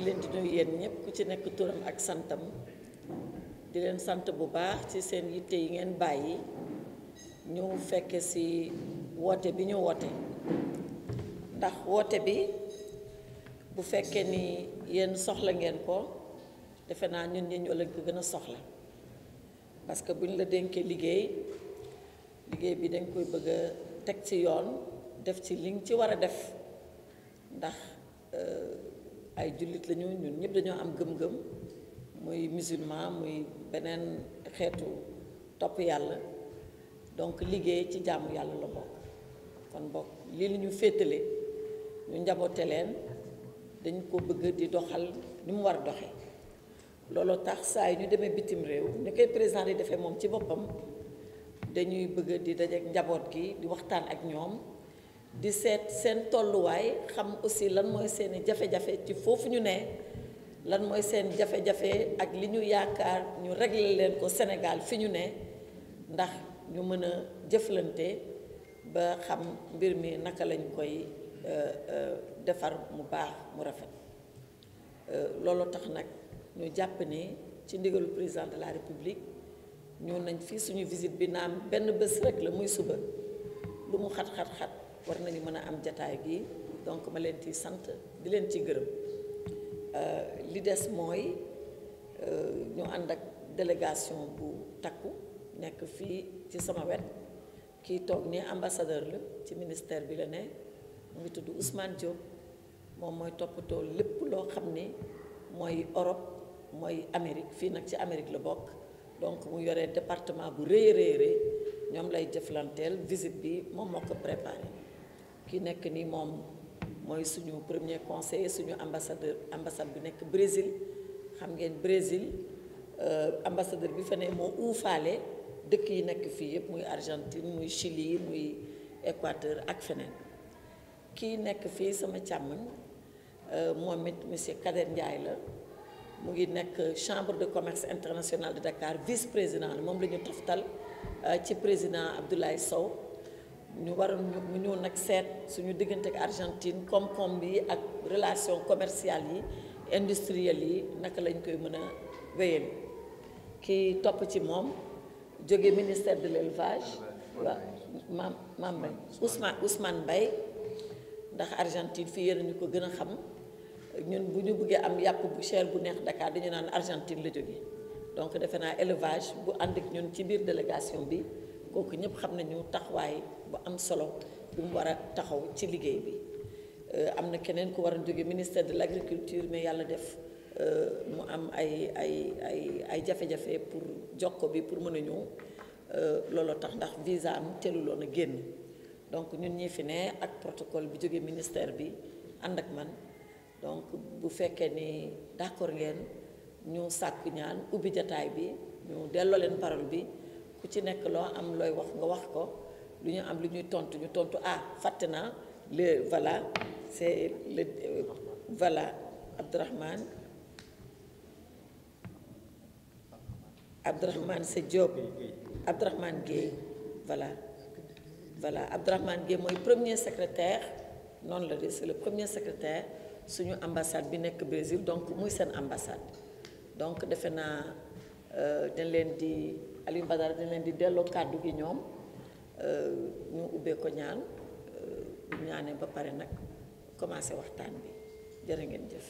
ngi leen di nuyu yéen ñëpp ku ci nekk turam ak santam di leen sant bu baax ci seen yitte yi ngeen bàyyi ñu fekke si woote bi ñu woote ndax woote bi bu fekkee ni yenn soxla ngeen ko defe naa ñun ñu ñoo lañ ko gën a soxla parce que bu ñu la dénkee liggéey liggéey bi dañ koy bëgg teg ci yoon def ci li nga ci war a def ndax. Euh, ay jullit lañu ñun ñëpp dañoo am gëm-gëm muy musulman muy beneen xeetu topp yàlla donc liggéey ci jàmm yàlla la bokk kon bokk lii li ñu féetale ñu njaboote leen dañ ko bëgg di doxal ni mu war doxe looloo tax saa yi ñu demee bitim réew ñu koy président di defee moom ci boppam dañuy bëgg di dajeek njaboot gi di waxtaan ak ñoom di seet seen tolluwaay xam aussi lan mooy seeni jafe-jafe ci foofu ñu ne lan mooy seen jafe-jafe ak li ñu yaakaar ñu régler leen ko Sénégal fi ñu ne ndax ñu mën a jëflante ba xam mbir mi naka lañ koy euh, euh, defar mu baax mu rafet euh, loolu tax nag ñu jàpp ni ci ndigalu président de la république ñoo nañ fii suñu visite bi naan benn bés rek la muy suba lu mu xat-xat-xat war nañu mën a am jataay bi donc ma leen ci sant di leen ci gërëm euh, li des mooy euh, ñu ànd ak délégation bu takku nekk fii ci sama wet kii toog ni ambassadeur la ci ministère bi la ne mu ngi tudd Ousmane Diop moom mooy toppatoo lépp loo xam ni mooy Europe mooy Amérique fii nag ci Amérique la bokk donc mu yore département bu rëy rëy rëy ñoom lay jëflanteel visite bi moom moo ko préparé ki nekk ni moom mooy suñu premier conseil suñu ambassader ambassade bi nekk Brésil xam ngeen Brésil euh, ambassadeur bi fa ne moo uufaale dëkk yi nekk fii yëpp muy Argentine muy Chili muy Équateur ak feneen kii nekk fii sama càmmoñ euh, moom it monsieur Kader Ndiaye la mu ngi nekk chambre de commerce internationale de Dakar vice président la moom la ñu toftal euh, ci président Abdoulaye Sow ñu war a ñu mu ñëw nag seet suñu diggante Argentine koom-koom bi ak relation commerciale yi industrielle yi naka lañ koy mën a wéyal kii topp ci moom jóge ministère de l'élevage waa maam maam Mbaye Ousmane Ousmane Mbaye ndax Argentine fii yéen ñu ko gën a xam ñun bu ñu buggee am yàpp bu cher bu neex Dakar dañu naan Argentine la jóge donc defe naa élevage bu ànd ak ñun ci biir délégation bi kooku ñëpp xam nañu taxawaay bu am solo bu mu war a taxaw ci liggéey bi euh, am na keneen ku war a jóge ministère de l' agriculture mais yàlla def euh, mu am ay ay ay ay jafe-jafe pour jokko bi pour mën a ñëw euh, looloo tax ndax visa am teeluloon a génn donc ñun ñi fi ne ak protocole bi jóge ministère bi ànd ak man donc bu fekkee ni d' accord ngeen ñu sàkku ñaan ubbi jataay bi ñu delloo leen parole bi. ku ci nekk loo am looy wax nga wax ko lu ñu am lu ñuy tontu ñu tontu ah fàtte naa le voilà c'est le voilà Abdourahmane Abdourahmane Sa Diop Abdourahmane Guèye voilà voilà Abdourahmane Guèye mooy premier secrétaire noonu la de c'est le premier secrétaire suñu ambassade bi nekk Brésil donc muy seen ambassade donc defe naa euh, dañ leen di Aliou Badara di leen di delloo kàddu gi ñoom euh, ñu ubbee ko ñaan euh, ñaanee ba pare nag commencé waxtaan bi jërë ngeen jëf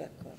d'accord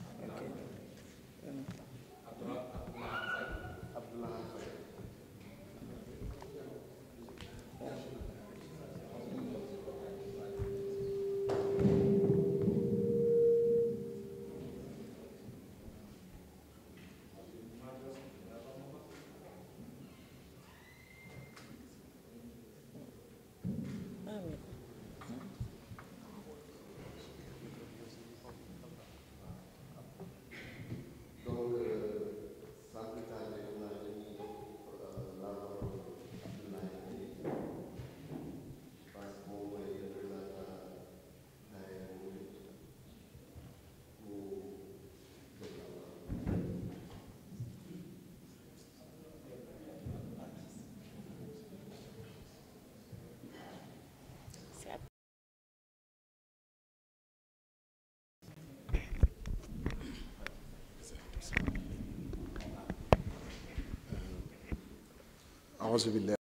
auzu billah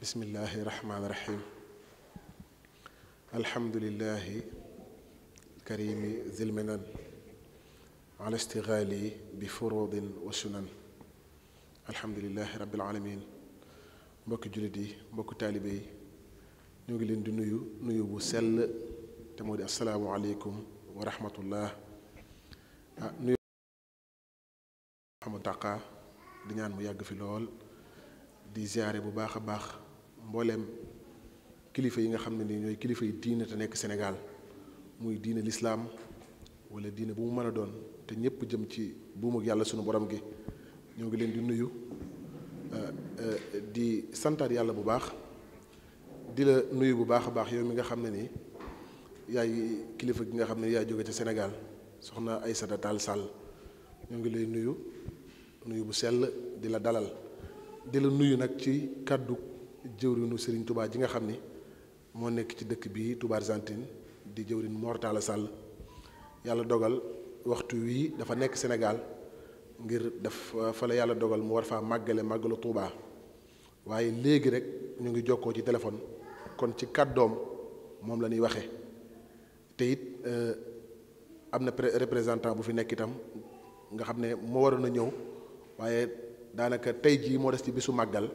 bismillahi rahmaani rahim alhamdulillahi karimi bi furudin wa sunan alhamdulillahi rabbil alamin mbokki jullit mbokki taalibe ñoo ngi leen di nuyu nuyu bu sell te moo di assalaamu aleykum wa ah nuyu Mouhamadou di ñaan mu yàgg fi lool di ziare bu baax a baax mbooleem kilifa yi nga xam ne ni ñooy kilifa yi diine te nekk Sénégal muy diine lislaam wala diina bu mu mën a doon te ñëpp jëm ci buumug yàlla sunu borom gi ñoo ngi leen di nuyu euh, euh, di santaat yàlla bu baax di la nuyu bu baax a baax yow mi nga xam ne ni yaay kilifa gi nga xam ne yaa jóge ca Sénégal soxna ay Tall Sall ñoo ngi lay nuyu nuyu bu sell di la dalal di la nuyu nag ci kàddu jëwrinu Serigne Touba ji nga xam ni moo nekk ci dëkk bii Touba Argentine di jëwrin Mor sàll yàlla dogal waxtu wii dafa nekk Sénégal ngir def fa la yàlla dogal mu war faa màggale màggalu Touba waaye léegi rek ñu ngi jokkoo ci téléphone kon ci kàddoom moom la ñuy waxee te it euh, am na représentant bu fi nekk itam nga xam ne moo waroon na ñëw. waaye daanaka tey jii moo des ci bisu màggal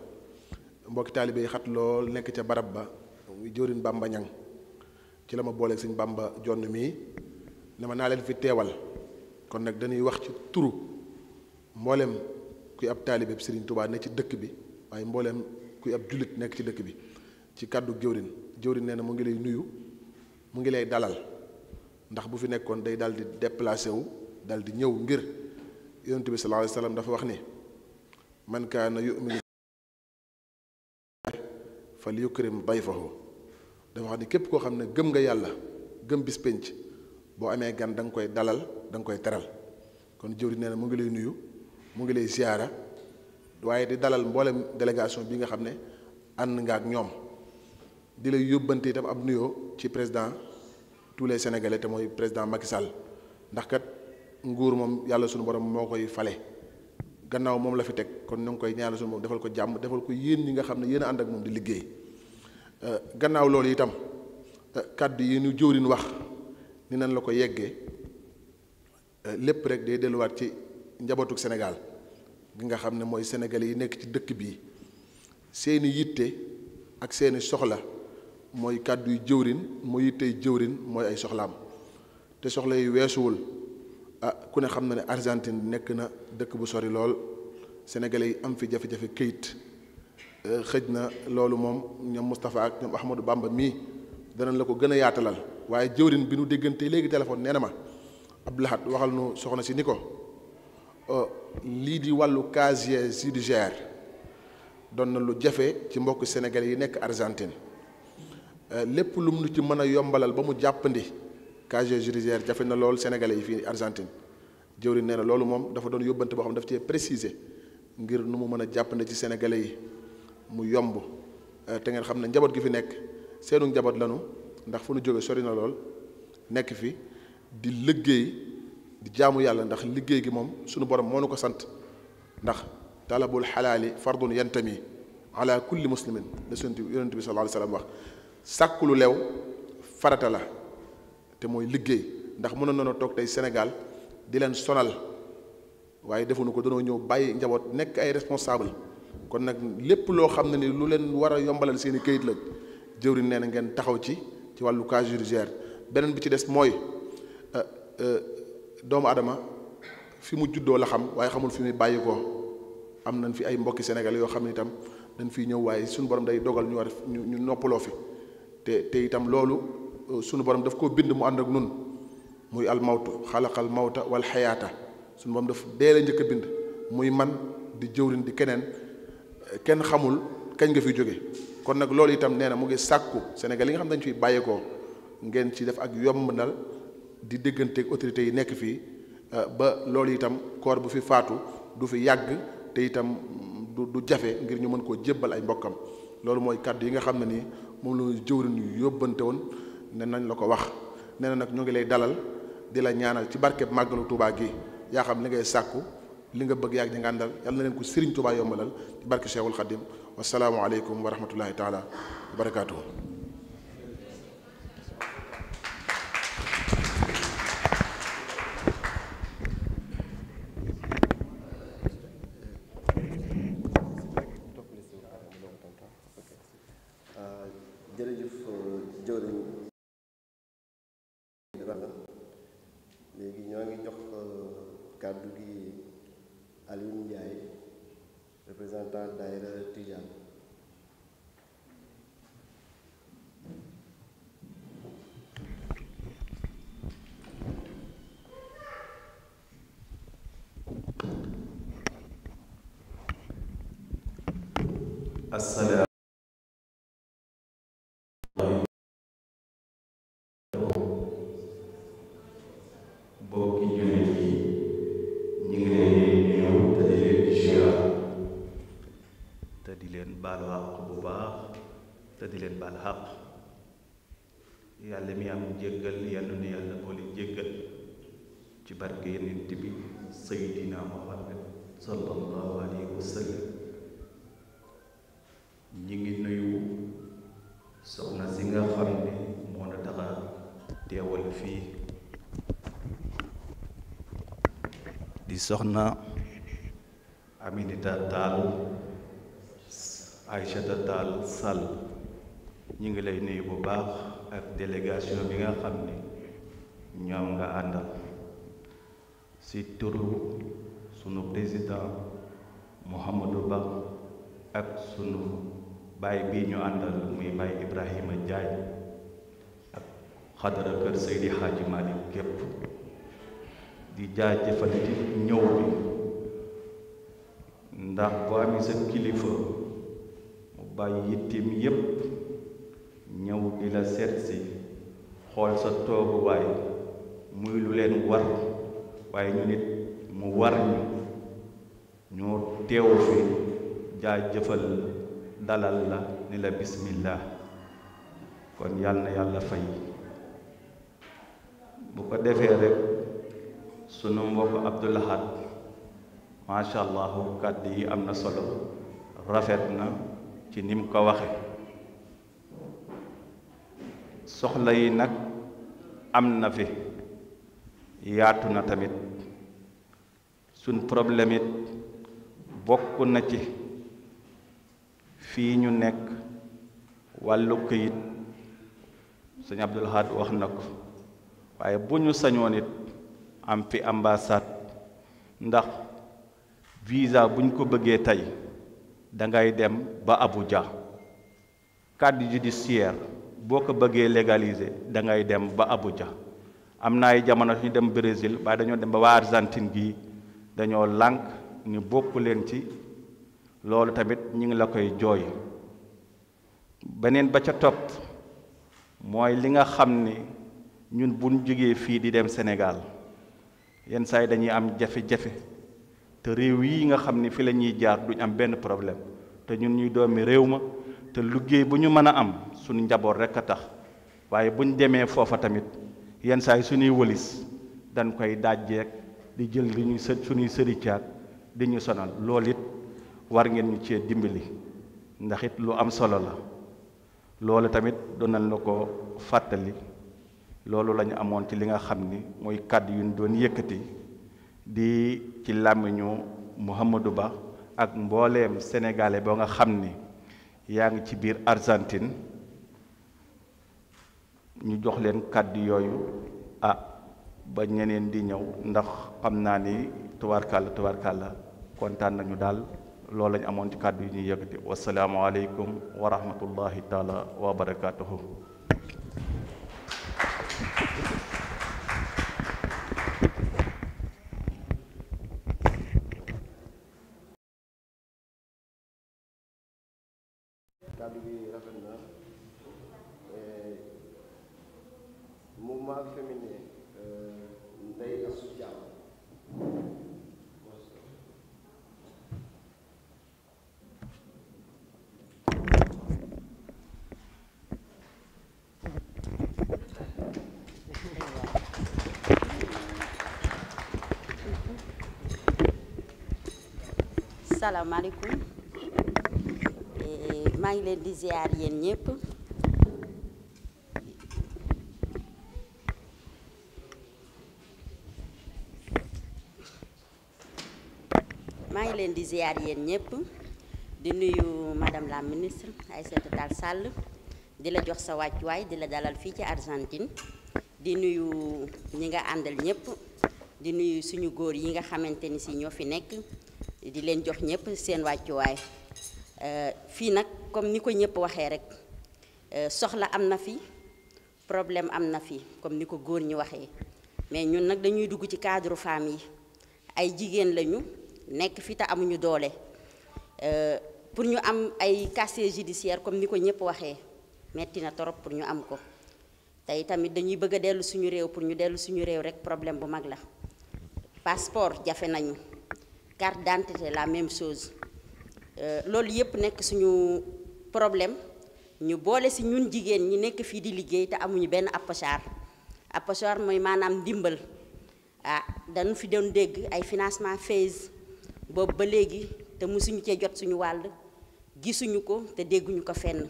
mbokki taalibe yi xat lool nekk ca barab ba jóorin bàmba ñang ci la ma booleeg sëñ bàmba jonn mii ne ma naa leen fi teewal kon nag dañuy wax ci turu mboolem kuy ab taalibe Serigne Touba ne ci dëkk bi waaye mbooleem kuy ab jullit nekk ci dëkk bi ci kàddu jëwrin jëwrin nee na mu ngi lay nuyu mu ngi lay dalal ndax bu fi nekkoon day dal di déplacé wu dal di ñëw ngir yonent bi sallallahu alayhi wasallam dafa wax ni man kaana yu'minu falyukrim dayfahu dafa wax ni képp koo xam ne gëm nga yàlla gëm bis pénc boo amee gan danga koy dalal da nga koy teral kon jëwriñ nee na mu ngi lay nuyu mu ngi lay ziyaara waaye di dalal mboolem délégation bi nga xam ne ànd nga ak ñoom di la yóbbante itam ab nuyoo ci président tous les sénégalais te mooy président Macky Sall ndax kat nguur moom yàlla sunu borom moo koy fale gannaaw moom la fi teg kon na nga koy ñaanal sunu borom defal ko jàmm defal ko yéen ñi nga xam ne yéen a ànd ak moom di liggéey euh, gannaaw loolu itam euh, kàddu yi ñu jëwriñ wax ni nan la ko yeggee euh, lépp rek day delluwaat ci njabootuk Sénégal gi nga xam ne mooy sénégalais yi nekk ci dëkk bii seeni yitte ak seeni soxla mooy kàddu yu jëwrin mooy yittey jëwrin mooy ay soxlaam te soxla yi weesuwul a ah, ku ne xam na ne Argentine nekk na dëkk bu sori lool sénégalais yi am fi jafe-jafe këyit eh, xëj na loolu moom ñoom Moustapha ak ñoom Ahmadou Bamba mii danañ la ko gën a yaatalal waaye jëwrin bi nu diggante léegi téléphone nee na ma Abdoulahat waxal nu soxna si ni ko oh, lii di wàllu casier judiciaire doon na lu jafe ci mbokk sénégalais yi nekk Argentine eh, lépp lu mu ci mën a yombalal ba mu jàppandi casier judiciaire jafe na lool sénégalais yi fii Argentine jëwriñ nee na loolu moom dafa doon yóbbante boo xam ne daf cee préciser ngir nu mu mën a jàpp ne ci sénégalais yi mu yomb euh, te ngeen xam ne njaboot gi fi nekk seenu njaboot lanu ndax fu nu jógee sori na lool nekk fi di liggéey di jaamu yàlla ndax liggéey gi moom sunu borom moo nu ko sant ndax talabul xalaali fardun yantami ala kulli muslimin la yonent bi sallallahu alayhi wa sallam wax sàkku lu lew farata la te mooy liggéey ndax mënoon nañoo toog tey Sénégal di leen sonal waaye defuñu ko danoo ñëw bàyyi njaboot nekk ay responsable kon nag lépp loo xam ne ni lu leen war a yombalal seeni kayit këyit la jëwriñ nee na ngeen taxaw ci ci wàllu cas judiciaire beneen bi ci des mooy euh, euh, doomu adama fi mu juddoo la xam waaye xamul fi muy bàyyi ko am nañ fi ay mbokki Sénégal yoo xam ne itam dañ fiy ñëw waaye suñu borom day dogal ñu war ñu ñu noppaloo fi te itam loolu. sunu borom daf koo bind mu ànd ak nun muy al mawtu xalaqal mawta wal xayaata sunu borom daf dee la njëkk a bind muy man di jëwrin di keneen kenn xamul kañ nga fi jóge kon nag loolu itam nee na mu ngi sàkku Sénégal yi nga xam dañ fiy bàyyeekoo ngeen ci def ak yomb nal di dégganteeg autorités yi nekk fii euh, ba loolu itam koor bu fi faatu du fi yàgg te itam du jafe ngir ñu mën koo jébbal ay mbokkam loolu mooy kàddu yi nga xam ne ni moom la jëwrin yóbbante ne nañ la ko wax nee nag ñoo ngi lay dalal di la ñaanal ci barkeb màggalu Touba gi yaa xam li ngay sàkku li nga bëgg yaag ñi nga àndal yàlla na leen ko Serigne Touba yombalal ci barke Cheikhul Khadim wasalaamualeykum wa rahmatullahi taala wa barakaatuhu ñoo ngi jox kàddu gi Alioune Ndiaye représentant daayira Tijaan alxaq yàlla mi am jéggal yàlla nu yàlla boole jéggal ci barke yonent bi sayyidina muhammad sallallahu alayhi wa sallam ñi ngi nuyu soxna si nga xam ne moo na taxa teewal fii di soxna Aminata Tall Aïchata Tall Sall ñu ngi lay nuyu bu baax ak délégation bi nga xam ne ñoom nga àndal ci turu sunu président Mouhamadou Ba ak sunu baay bi ñu àndal muy baay Ibrahima Ndiaye ak xadara kër Seydi Hadji Malick képp di jaajëfal ci ñëw bi ndax boo amee sa kilifa mu bàyyi yittim yépp ñëw di la seet si xool sa tooguwaay muy lu leen war waaye ñu nit mu war ñu ñoo teew fi jaajëfal dalal la ni la bismillah kon yàlla na yàlla fay bu ko defee rekk sunu mbokk Abdul Ahad macha allah kàddu yi am na solo rafet na ci ni mu ko waxe soxla yi nag am na fi yaatu na tamit suñ problème it bokk na ci fii ñu nekk wàllu këyit sëñ Abdul Ahad wax na ko waaye bu ñu sañoon it am fi ambassade ndax visa bu ñu ko bëggee tey dangay dem ba Abuja carte judiciaire boo ko bëggee légaliser da ngay dem ba Abuja am na ay jamono ñu dem Brésil waaye dañoo dem ba waa Argentine gii dañoo lànk ni bokk leen ci loolu tamit ñu ngi la koy jooy beneen ba ca topp mooy li nga xam ni ñun buñ jógee fii di dem Sénégal yenn saa yi dañuy am jafe-jafe te réew yi nga xam ni fi la ñuy jaar duñ am benn problème te ñun ñuy doomi réew ma te liggéey bu ñu mën a am suñu njaboot rek a tax waaye buñ demee foofa tamit yenn saa yi suñuy wëlis dañ koy dajjeeg di jël li ñuy së suñuy sëricaat di ñu sonal loolu it war ngeen ñu cee dimbali ndaxit lu am solo la loolu tamit doonan na ko fàttali loolu lañu amoon ci li nga xam ni mooy kàdd yu ñu doon yëkkati di ci làmmiñu Mouhamadou Ba ak mbooleem sénégalais boo nga xam ni yaa ngi ci biir Argentine ñu jox leen kàddu yooyu a ah, ba ñeneen di ñëw ndax xam naa ni tubaarkàlla tubaarkàlla kontaan nañu daal loolu lañ amoon ci kàddu yu ñuy yëkkati wasalaamualeykum wa rahmatullahi taala wa barakaatuhu salaamaaleykum eh, maa ngi leen di ziar yéen ñëpp maa ngi leen di ziar yéen ñëpp di nuyu madame la ministre ay Tall sàll di la jox sa wàccuwaay di la dalal fii ci Argentine di nuyu ñi nga àndal ñépp di nuyu suñu góor yi nga xamante ni si ñoo fi nekk. di leen jox ñëpp seen wàccuwaay euh, fii nag comme ni ko ñëpp waxee rek euh, soxla am na fi problème am na fi comme ni ko góor ñi waxee mais ñun nag dañuy dugg ci cadre femme yi ay jigéen lañu nekk fi te amuñu doole euh, pour ñu am ay casier judiciaire comme ni ko ñëpp waxee metti na torop pour ñu am ko tey tamit dañuy bëgg a dellu suñu réew pour ñu dellu suñu réew rek problème bu mag la passeport jafe nañu carte d'identité la même chose euh, loolu yëpp nekk suñu problème ñu boole si ñun jigéen ñi nekk fii di liggéey te amuñu benn appachar appachar mooy maanaam ndimbal ah dañu fi doon dégg ay financement phase boobu ba léegi te musuñu cee jot suñu wàll gisuñu ko te dégguñu ko fenn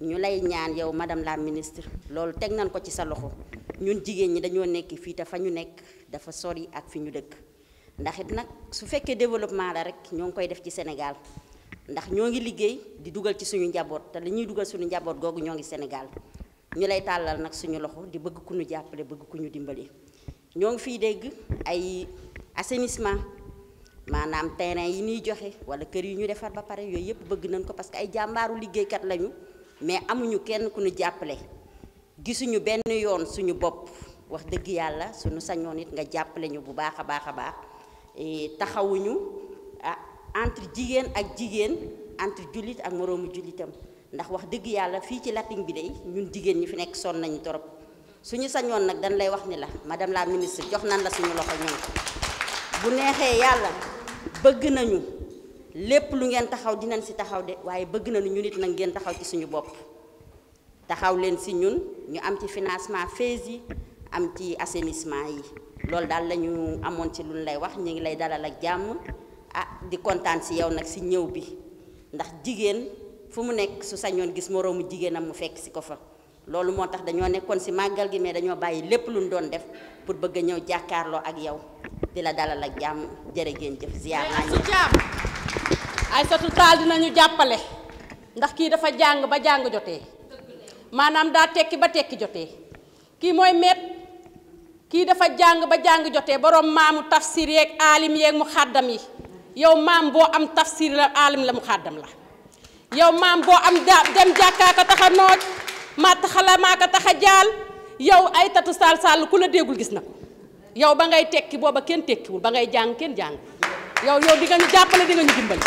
ñu lay ñaan yow madame la ministre loolu teg nañ ko ci sa loxo ñun jigéen ñi dañoo nekk fii te fa ñu nekk dafa sori ak fi ñu dëkk ndax it nag su fekkee développement la rek ñoo ngi koy def ci Sénégal ndax ñoo ngi liggéey di dugal ci suñu njaboot te li ñuy dugal suñu njaboot googu ñoo ngi Sénégal ñu lay tàllal nag suñu loxo di bëgg ku ñu jàppale bëgg ku ñu dimbali. ñoo ngi fiy dégg ay assainissement maanaam terrain yi ñuy joxe wala kër yi ñu defar ba pare yooyu yëpp bëgg nañ ko parce que ay jàmbaaru liggéeykat lañu mais amuñu kenn ku ñu jàppale gisuñu benn yoon suñu bopp wax dëgg yàlla suñu sañoon it nga jàppale ñu bu baax a baax a baax. Eh, taxawuñu ah entre jigéen ak jigéen entre jullit ak moroomu jullitam ndax wax dëgg yàlla fii ci latin bi day ñun jigéen ñi fi nekk sonn nañu torop suñu sañoon nag dañ lay wax ni la madame la ministre jox nan la suñu loxo ñun bu neexee yàlla bëgg nañu lépp lu ngeen taxaw dinañ si taxaw de waaye bëgg nañu ñu nit nag ngeen taxaw ci suñu bopp taxaw si ñun ñu am ci financement fees yi am ci assainissement yi loolu daal lañu ñu amoon ci luñ lay wax ñu ngi lay dalal ak jàmm ah di kontaan si yow nag si ñëw bi ndax jigéen fu mu nekk su sañoon gis moroomu jigéenam mu fekk si ko fa loolu moo tax dañoo nekkoon si màggal gi mais dañoo bàyyi lépp lu ñu doon def pour bëgg a ñëw jàkkaarloo ak yow di la dalal ak jàmm jërë ngeen jëf ziar naa su jaam Aïssatou dinañu jàppale ndax kii dafa jàng ba jàng jotee maanaam daa tekki ba tekki jotee kii mooy kii dafa jàng ba jàng jotee boroom maamu tafsir yeeg aalim yeeg mu xàddam yi yow maam boo am tafsir la aalim la mu xàddam la yow maam boo am dem jàkkaa tax a nooj matt xalamaa ko tax a jaal yow ay tatu saal saal ku la déggul gis na ko yow ba ngay tekki booba kenn tekkiwul ba ngay jàng kenn jàng yow yow di ñu jàppale di ñu dimbali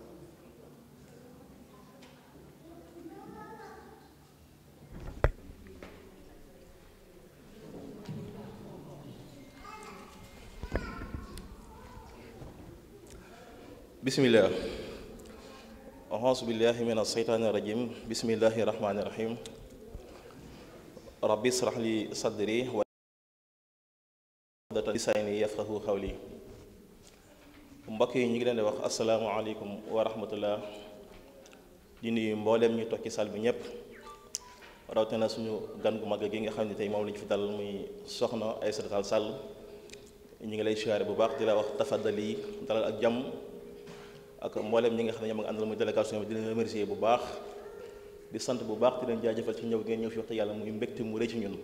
bismillah axusubillahi min alsheytaani irajim bismillahi irahmaaniirahim rabbi israh li sadri wa lisaani xaw li mbokk yi ñu ngi leen di wax asalaamualeykum wa rahmatullah di nuyu mbooleem ñu toog ci salle bi ñépp rawatina suñu gan gu mag gi nga xam ne tey moom la fi dalal muy soxna Aïssata Tall Sall ñu ngi lay siyaare bu baax di la wax tafadali dalal ak jàmm ak mboolem ñi nga xam ne ñoom nga àndal muy délégation bi di leen remercier bu baax di sant bu baax di leen jëfal ci ñëw ngeen ñëw fi waxtu yàlla muy mbégte mu rëy ci ñun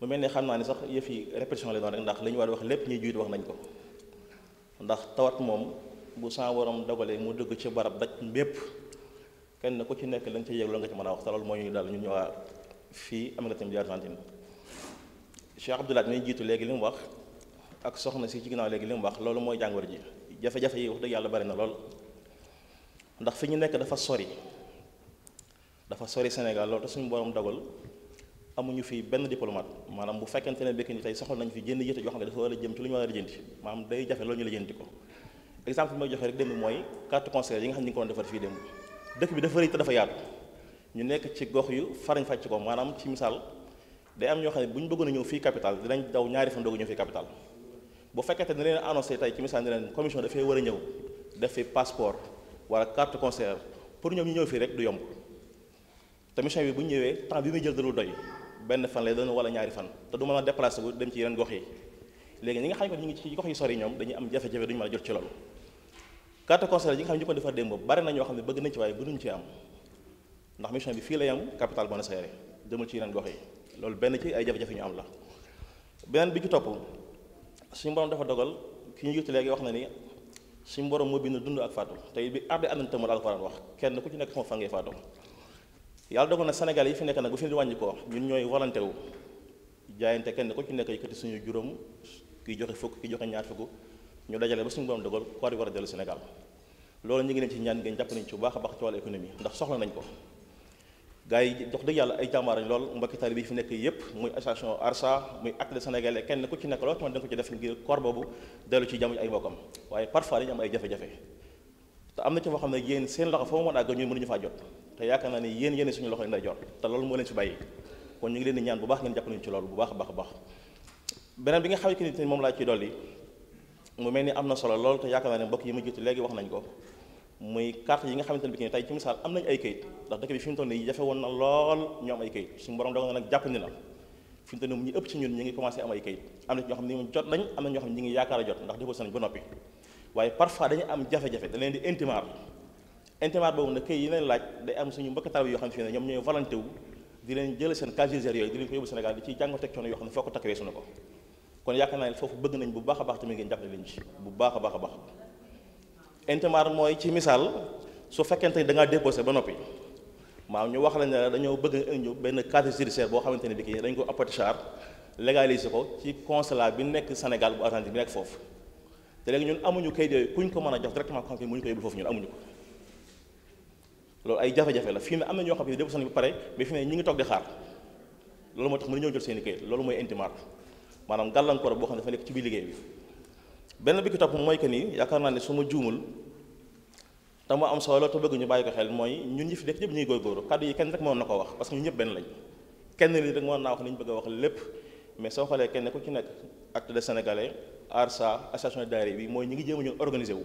mu mel ni xam naa ne sax yëf yi répétition doon rek ndax li ñu war a wax lépp ñuy juit wax nañ ko ndax tawat moom bu sa waram dogalee mu dugg ci barab daj bépp kenn ku ci nekk la nga ci yëg loolu nga ci mën a wax te loolu moo ñu daal ñu waa fii am nga tamit di Argentine Cheikh Abdoulaye mi jiitu léegi li mu wax ak soxna si ci ginnaaw léegi li mu wax loolu mooy jàngoro ji jafe-jafe yi wax dëgg yàlla bari na lool ndax fi ñu nekk dafa sori dafa sori Sénégal loolu te suñu borom dogal amuñu fi benn diplomate maanaam bu fekkente ne békk ni tey soxla nañ fi jënd yëte joo xam ne dafa war a jëm ci lu ñu war a lijjanti maanaam day jafe loolu ñu lijjanti ko exemple bi may joxe rek démb mooy carte conseil yi nga xam ne ñu ngi ko doon defar fii démb dëkk bi dafa rëy te dafa yaatu ñu nekk ci gox yu farañ fàcc ko maanaam ci misaal day am ñoo xam bu ñu bëggoon ñëw fii capital dinañ daw ñaari fan doog capital bu fekkete ne leen annoncé tey ci misaal ne leen commission dafay war a ñëw def fi passeport wala carte conseillère pour ñoom ñu ñëw fii rek du yomb te mission bi bu ñëwee temps bi muy jël dalul doy benn fan lay doon wala ñaari fan te du mën a déplacé wu dem ci yeneen gox yi léegi ñi nga xam ne ñu ngi ci gox yi sori ñoom dañuy am jafe-jafe duñu mën a jot ci loolu carte conseillère yi nga xam ne defar démb bari na ñoo xam ne bëgg nañ ci waaye mënuñ ci am ndax mission bi fii lay am capital Buenos Aires demul ci yeneen gox yi loolu benn ci ay jafe ñu am la beneen bi ci topp suñu borom dafa dogal ki ñu yëkkati léegi wax na ni suñu borom moo na dund ak faatu tey bi arde am na tëmal alxuraan wax kenn ku ci nekk sama fan ngay faatu yàlla dogal na Sénégal yi fi nekk nag bu fi di wàññi ko ñun ñooy volonté wu jaayante kenn ku ci nekk yëkkati suñu juróom kiy joxe fukk kiy joxe ñaar fukk ñu dajale ba suñu borom dogal koor yi war a dellu Sénégal loolu ñu ngi leen ci ñaan ngeen jàpp nañ ci bu baax baax ci wàllu économie ndax soxla nañ ko gars yi dox dëgg yàlla ay jàmbaar lañ lool mbokki taalibe yi fi nekk yépp muy association ARSA muy acte de kenn ku ci nekk lool man da nga ko ci def ngir koor ci ay mbokkam waaye parfois dañu am ay jafe-jafe te am na ci faa jot te yaakaar naa ne yéen yéen suñu loxo nday moo leen fi bàyyi kon ñu ngi leen di ñaan bu baax ngeen jàpp nañu ci loolu bu baax baax moom laa ciy dolli mu mel ni am na solo lool te yaakaar naa ne mbokk yi ma jiitu léegi wax nañ ko muy carte yi nga xamante ne bi ne tey ci misaal am nañu ay kayit ndax dëkk bi fi jafe woon na lool ñu am ay kayit suñu borom dogal na nag ñun ñu ngi commencé am ay kayit am na ñoo xam ne moom ngi yaakaar a jot ndax déposé nañ ba noppi waaye parfois dañu am jafe-jafe da leen di intimar intimar boobu nag kayit yi leen laaj day am suñu ko ne foo bu baax a baax tamit ngeen jàppale leen ci bu baax a baax a baax intimar mooy ci misaal su fekkente ni da déposé ba noppi maam ñu wax la ne dañoo bëgg indi benn casier judiciaire boo xamante ne bi kii dañ ko apothichar légaliser ko ci consulat bi nekk Sénégal bu Argentine bi nekk foofu te léegi ñun amuñu kayit yooyu kuñ ko mën a jox directement compte mu ñu ko yóbbu foofu ñun amuñu ko loolu ay jafe-jafe la fii ne am na ñoo xam ne déposé nañu pare mais fi ne ñi ngi toog di xaar loolu moo tax mënu ñëw jël seen loolu mooy intimar maanaam gàllankoor boo ne dafa ci biir liggéey bi benn bi ki topp mooy que ni yaakaar naa ne su ma juumul te mu am solo te bëgg ñu bàyyi ko xel mooy ñun ñi fi nekk ñëpp ñuy góorgóorlu kàddu yi kenn rek moo na ko wax parce que ñun ñëpp benn lañ kenn lii rek moo wax li ñu bëgg a wax lépp mais soo xoolee kenn ku ci nekk acte de sénégalais ARSA bi mooy ñi ngi jéem ñu organiser wu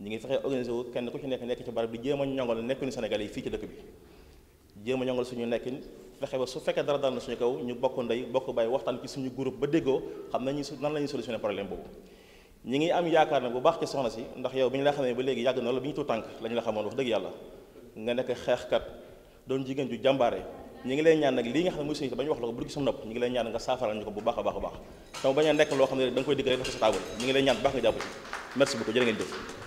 ñi ngi fexe organiser wu kenn ku ci nekk nekk ci barab bi jéem a la nekkuñu sénégalais yi fii ci dëkk bi jéem a ñongal suñu nekk fexe ba su fekkee dara dal na suñu kaw ñu bokk ndey bokk bàyyi waxtaan ci suñu groupe ba déggoo xam nañu nan la ñuy solutionné problème boobu ñi ngi am yaakaar na bu baax ci soxna si ndax yow bi ñu la xamee ba léegi yàgg na la bi ñu tu tànk lañu la xamoon wax dëgg yàlla nga nekk xeexkat doon jigéen ju jàmbaare ñu ngi leen ñaan nag lii nga xam ne muy sëy ba ñu wax la ko bu dugg sa nopp ñi ngi leen ñaan nga saafaral ñu ko bu baax a baax a baax tam bañ a nekk loo xam ne rek da koy digg rek def sa taabal ñi ngi leen ñaan bu baax nga jàpp ci merci beaucoup jërë ngeen jëf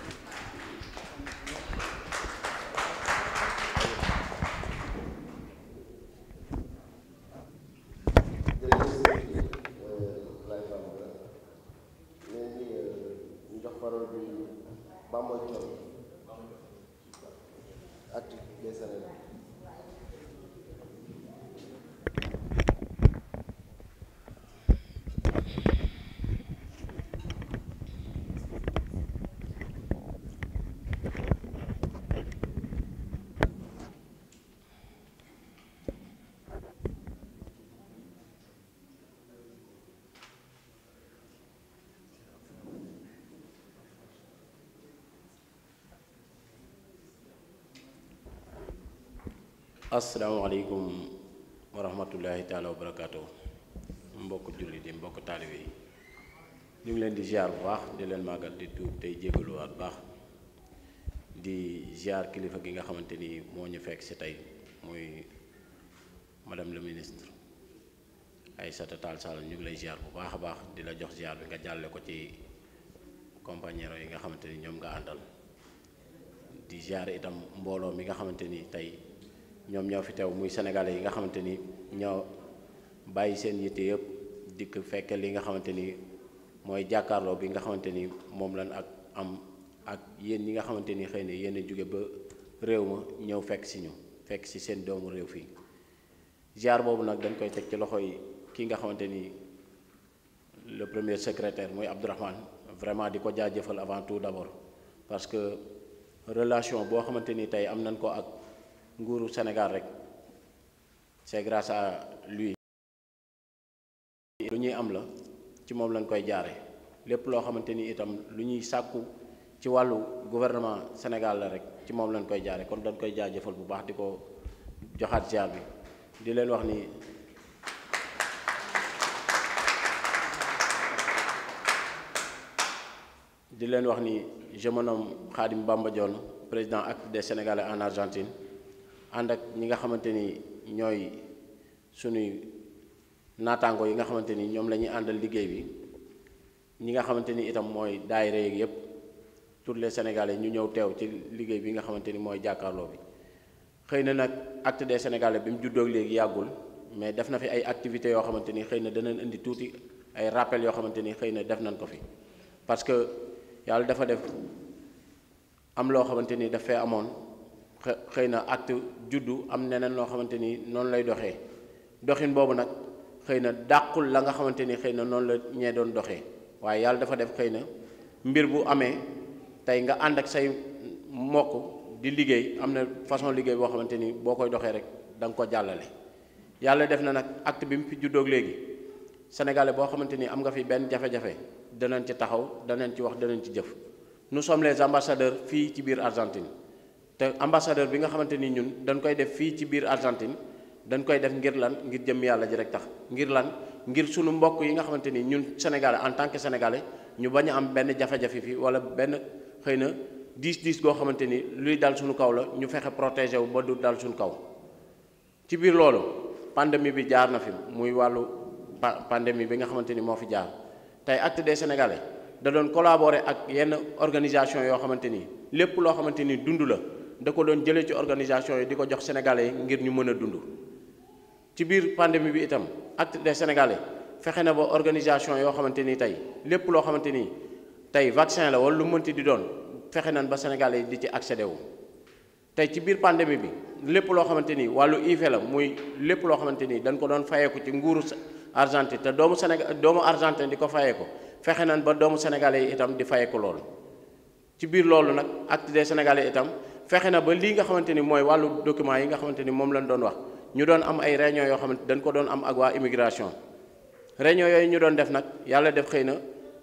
parole bi Bamboy Thione acte des Sénégalais asalaamaaleykum wa rahmatullahi taala wa barakaatu mbokk jullit yi mbokk taalibe yi ñu ngi leen di ziar bu baax di leen màggal di tuub tey jégaluwaat baax di ziar kilifa gi nga xamante ni moo ñu fekk si tey muy madame la ministre ay Tall Sall ñu ngi lay ziar bu baax a baax di la jox ziar bi nga jàlle ko ci compagnero yi nga xamante ni ñoom nga àndal di ziar itam mbooloo mi nga xamante ni tey. ñoom ñoo fi teew muy sénégalais yi nga xamante ni ñoo bàyyi seen yitte yëpp dikk fekke li nga xamante ni mooy jàkkaarloo bi nga xamante ni moom lan ak am ak yéen ñi nga xamante ni xëy na yéen jóge ba réew ma ñëw fekk si ñu fekk si seen doomu réew fii ziar boobu nag dañ koy teg ci loxo yi ki nga xamante ni le premier secrétaire muy Abdourahmane vraiment di ko jaajëfal avant tout d'abord parce que relation boo xamante ni tey am nañ ko ak nguuru Sénégal rek c'est grâce à lui lu ñuy am la ci moom lañ koy jaare lépp loo xamante ni itam lu ñuy sàkku ci wàllu gouvernement Sénégal la rek ci moom lañ koy jaare kon dañ koy jaajëfal bu baax di ko joxaat ziar bi di leen wax ni di leen wax ni je me nomme Khadim président ak de Sénégalais en Argentine ànd ak ñi nga xamante ni ñooy sunuy naataango yi nga xamante ni ñoom la ñuy àndal liggéey bi ñi nga xamante ni itam mooy daayira yeeg yépp tous les sénégalais ñu ñëw teew ci liggéey bi nga xamante ni mooy jàkkaarloo bi xëy na nag act des sénégalais bi mu juddoo léegi yàggul mais def na fi ay activités yoo xamante ni xëy na danañ indi tuuti ay rappel yoo xamante ni xëy na def nañ ko fi parce que yàlla dafa def am loo xamante ni daf fee amoon xëy na at juddu am neneen loo xamante ni noonu lay doxee doxin boobu nag xëy na dàqul la nga xamante ni xëy na noonu la ñee doon doxee waaye yàlla dafa def xëy na mbir bu amee tey nga ànd ak say mbokk di liggéey am na façon liggéey boo xamante ni boo koy doxee rek danga nga ko jàllale. yàlla def na nag act bi mu fi juddoog léegi sénégalais boo xamante ni am nga fi benn jafe-jafe danañ ci taxaw danañ ci wax danañ ci jëf nous sommes les ambassadeurs fii ci biir Argentine. te ambassadeur bi nga xamante ni ñun dañ koy def fii ci biir Argentine dañ koy def ngir lan ngir jëm yàlla ji rek tax ngir lan ngir sunu mbokk yi nga xamante ni ñun sénégalais en tant que sénégalais ñu bañ a am benn jafe-jafe fii wala benn xëy na diis diis goo xamante ni luy dal suñu kaw la ñu fexe protégé wu ba du dal suñu kaw ci biir loolu pandémie bi jaar na fi muy wàllu pandémie bi nga xamante ni moo fi jaar tey Actu des Sénégalais da doon collaborer ak yenn organisation yoo xamante ni lépp loo xamante ni dund la da ko doon jëlee ci organisation yi di ko jox sénégalais yi ngir ñu mën a dund ci biir pandémie bi itam acte des sénégalais fexe na ba organisation yoo xamante ni tey lépp loo xamante ni tey vaccin la wala lu mënti di doon fexe nañ ba sénégalais yi di ci accédé wu tey ci biir pandémie bi lépp loo xamante ni wàllu IFE la lépp loo xamante ni dañ ko doon fayeeku ci nguuru Argentine te doomu Sénégal doomu Argentine di ko fayee ko fexe nañ ba doomu sénégalais yi itam di fayeeku loolu ci biir loolu nag acte des itam fexe na ba lii nga xamante ni mooy wàllu document yi nga xamante ni moom lañ doon wax ñu doon am ay réunion yoo xamante dañ ko doon am ak waa immigration réunion yooyu ñu doon def nag yàlla def xëy na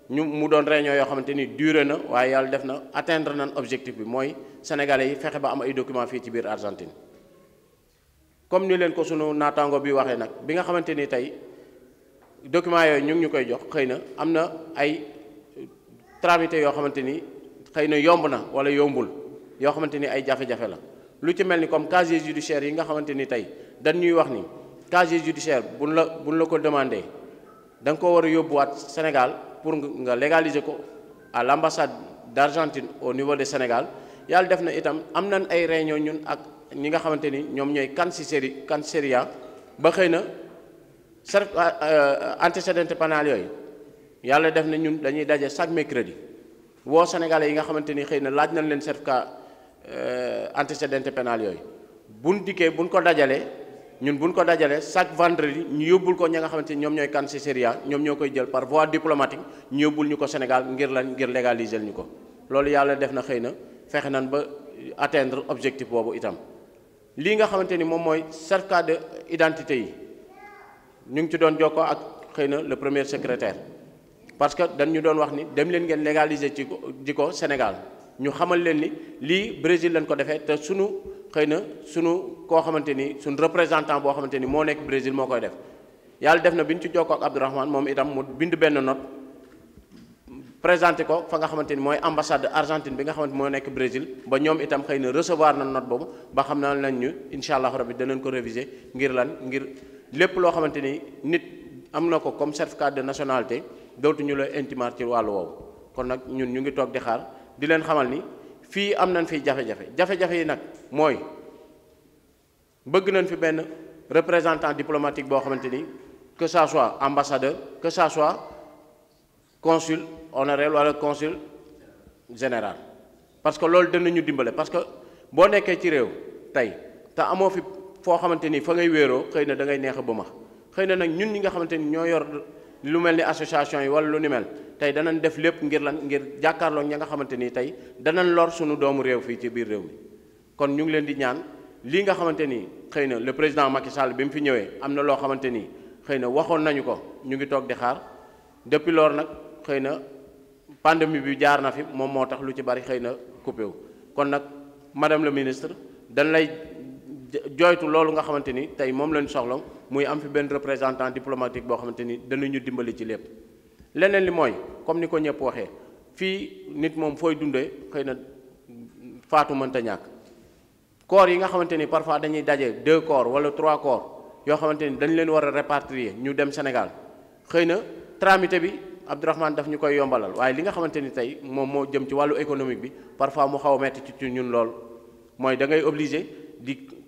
ñu mu doon réunion yoo xamante ni dure na waaye yàlla def na atteindre nañ objectif bi mooy sénégalais yi fexe ba am ay document fii ci biir Argentine comme ni leen ko suñu naataango bi waxee nag bi nga xamante ni tey document yooyu ñu ñu koy jox xëy na am na ay tramité yoo xamante ni xëy na yomb na wala yombul yoo xamante ni ay jafe-jafe la lu ci mel ni comme casier judiciaire yi nga xamante ni tey dañ wax ni casier judiciaire buñ la bu buñ la ko demandé danga nga ko war a yóbbuwaat Sénégal pour nga légaliser ko à l' ambassade d' Argentine au niveau de Sénégal yàlla def na itam am na ay réunion ñun ak ñi nga xamante ni ñoom ñooy Cancilleria Cancilleria ba xëy na ser euh, euh, antécédent pénal yooyu yàlla def na ñun dañuy daje chaque crédit woo sénégalais yi nga xamante ni xëy na laaj nañ leen certificat Euh, antécédent pénal yooyu buñ dikkee buñ ko dajalee ñun buñ ko dajalee chaque vendredi ñu yóbbul ko ña nga xamante ni ñoom ñooy Cancilleria ñoom ñoo koy jël par voie diplomatique ñu yóbbul ñu ko Sénégal ngir lan ngir légaliser ñu ko loolu yàlla def na xëy na fexe nan ba atteindre objectif boobu itam lii nga xamante ni moom mooy certificat de identité yi ñu ngi ci doon jokko ak xëy na le premier secrétaire parce que dañ doon wax ni dem leen ngeen légaliser ci ko di Sénégal ñu xamal leen ni lii Brésil lañ ko defee te sunu xëy na sunu koo xamante ni suñu représentant boo xamante ni moo nekk Brésil moo koy def yàlla def na bi ñu ci jokkoo ak Abdourahmane moom itam mu bind benn not présenté ko fa nga xamante ni mooy ambassade Argentine bi nga xamante moo nekk Brésil ba ñoom itam xëy na recevoir na not boobu ba xam naa nañ ñu incha allah rabi danañ ko réviser ngir lan ngir lépp loo xamante ni nit am na ko comme certificat de nationalité dootuñu la intimar ci woowu kon nag ñun ñu ngi toog di di leen xamal ni fii am nañ fi jafe-jafe jafe-jafe yi nag mooy bëgg nañ fi benn représentant diplomatique boo xamante ni que ça soit ambassadeur que ça soit consul honoraire wala consul général parce que loolu ñu dimbale parce que boo nekkee ci réew tey te amoo fi foo xamante ni fa ngay wéeroo xëy na da ngay neex a ba ma xëy na nag ñun ñi nga xamante ni ñoo yor lu mel ni association yi wala lu ni mel tey danañ def lépp ngir lan ngir jàkkaarloo ña nga xamante ni tey danañ lor suñu doomu réew fii ci biir réew mi kon ñu ngi leen di ñaan lii nga xamante ni xëy na le président Macky Sall bi mu fi ñëwee am na loo xamante ni xëy na waxoon nañu ko ñu ngi toog di xaar depuis loolu nag xëy na pandémie bi jaar na fi moom moo tax lu ci bari xëy na coupé kon nag madame la ministre dañ lay jooytu loolu nga xamante ni tey moom lañu soxla muy am fi benn représentant diplomatique boo xamante ni danañu dimbali ci lépp leneen li mooy comme ni ko ñëpp waxee fii nit moom fooy dundee xëy na faatu mënta ñàkk corps yi nga xamante ni parfois dañuy daje deux corps wala trois corps yoo xamante ni dañ leen war a répatrier ñu dem Sénégal xëy na tramité bi Abdourahmane daf ñu koy yombalal waaye li nga xamante ni tey moom moo jëm ci wàllu économique bi parfois mu xaw a metti ñun lool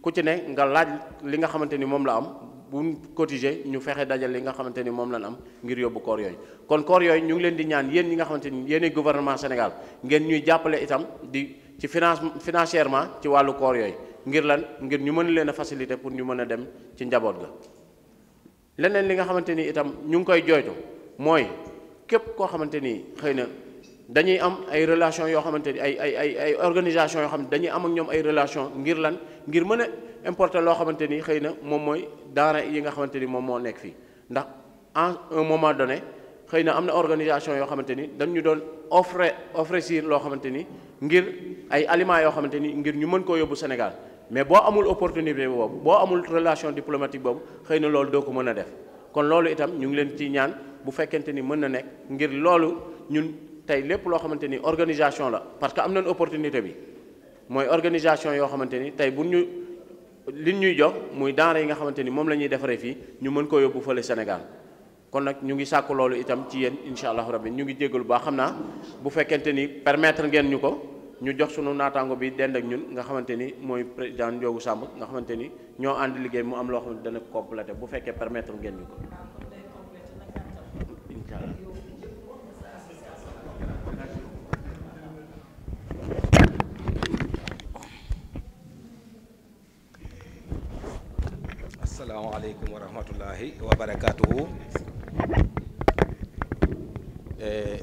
ku ci ne nga laaj li nga xamante ni moom la am bu cotiser ñu fexe dajal li nga xamante ni moom lañ am ngir yóbbu koor yooyu kon koor yooyu ñu ngi leen di ñaan yéen ñi nga xamante ni yéenay gouvernement Sénégal ngeen ñuy jàppale itam di ci finance financièrement ci wàllu koor yooyu ngir lan ngir ñu mën leen a faciliter pour ñu mën a dem ci njaboot ga leneen li nga xamante ni itam ñu ngi koy jooytu mooy képp koo xamante ni xëy na dañuy am ay relation yoo xamante ni ay ay ay ay organisation yoo xam ne dañuy am ñoom ay relation ngir lan ngir mën a importer loo xamante ni xëy na moom mooy daara yi nga xamante ni moom moo nekk fii ndax en un moment donné xëy na am na organisation yoo xamante ni dañu doon offre offrir loo xamante ni ngir ay aliments yoo xamante ni ngir ñu mën koo yóbbu Sénégal mais boo amul opportunité boobu boo amul relation diplomatique boobu xëy na loolu doo ko mën a def kon loolu itam ñu ngi leen ci ñaan bu fekkente ni mën na nekk ngir loolu ñun. tey lépp loo xamante ni organisation la parce que am nañ opportunité bi mooy organisation yoo xamante ni tey bu ñu li ñuy jox muy denrée yi nga xamante ni moom la ñuy defaree fii ñu mën ko yóbbu fële Sénégal kon nag ñu ngi sàkk loolu itam ci yéen incha allahu rabbi ñu ngi jéggalu baa xam naa bu fekkente ni permettre ngeen ñu ko ñu jox sunu naataango bi dend ak ñun nga xamante ni mooy président Ndiogou Samb nga xamante ni ñoo ànd liggéey mu am loo xamante dana complété bu fekkee permettre ngeen ñu ko asalaamaaleykum wa rahmatullahi wa barakaatuhu eh,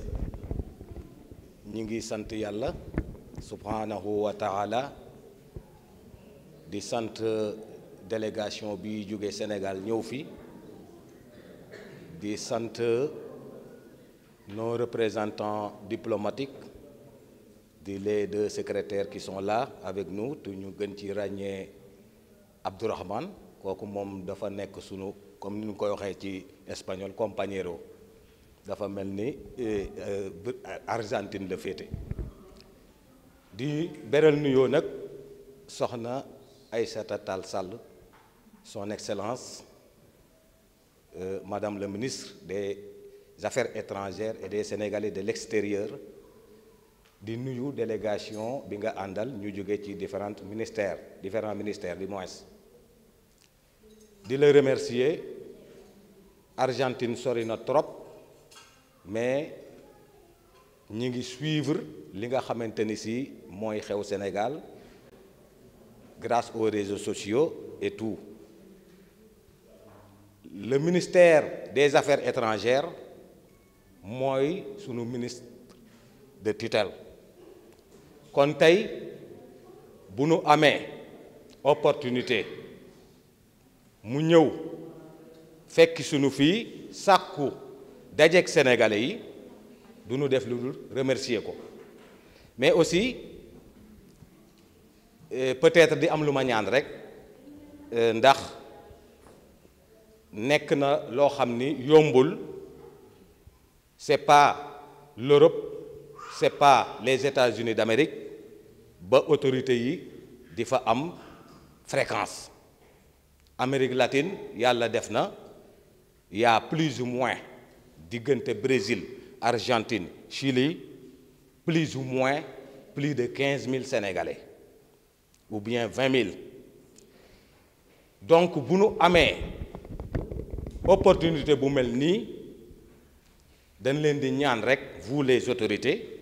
ñu ngi sant yàlla subhanahu wa taala di sant délégation bi jóge Sénégal ñëw fi di sant nos représentants diplomatiques di les de secrétaires qui son là avec nous tu ñu gën ci ràññee Abdourahman kooku moom dafa nekk sunu comme ni koy waxee ci espagnol compañero dafa mel ni eh, eh, Argentine la féete di beral nuyoo nag soxna Aïssata Tall Sall son excellence euh, madame la ministre des affaires étrangères et des Sénégalais de l'extérieur di nuyu délégation bi nga àndal ñu jóge ci différents ministère différents ministères du moins di la remercier Argentine sori na trop mais ñi ngi suivre li nga xamante ni si mooy xew Sénégal grâce aux réseaux sociaux et tout le ministère des affaires étrangères mooy sunu ministre de tutelle kon tey bu nu amee opportunité mu ñëw fekk sunu fii sàkku dajeeg sénégalais yi du nu def lu dul remercier ko mais aussi euh, peut-être di am lu ma ñaan rek euh, ndax nekk na loo xam ni yombul c'est pas l'Europe c'est pas les États-Unis d'Amérique ba autorité yi di fa am fréquence Amérique latine yàlla def na y plus ou moins diggante Brésil Argentine Chili plus ou moins plus de quinze mille Sénégalais ou bien vingt mille donc bu nu amee opportunité bu mel nii dañ leen di ñaan rek vous les autorités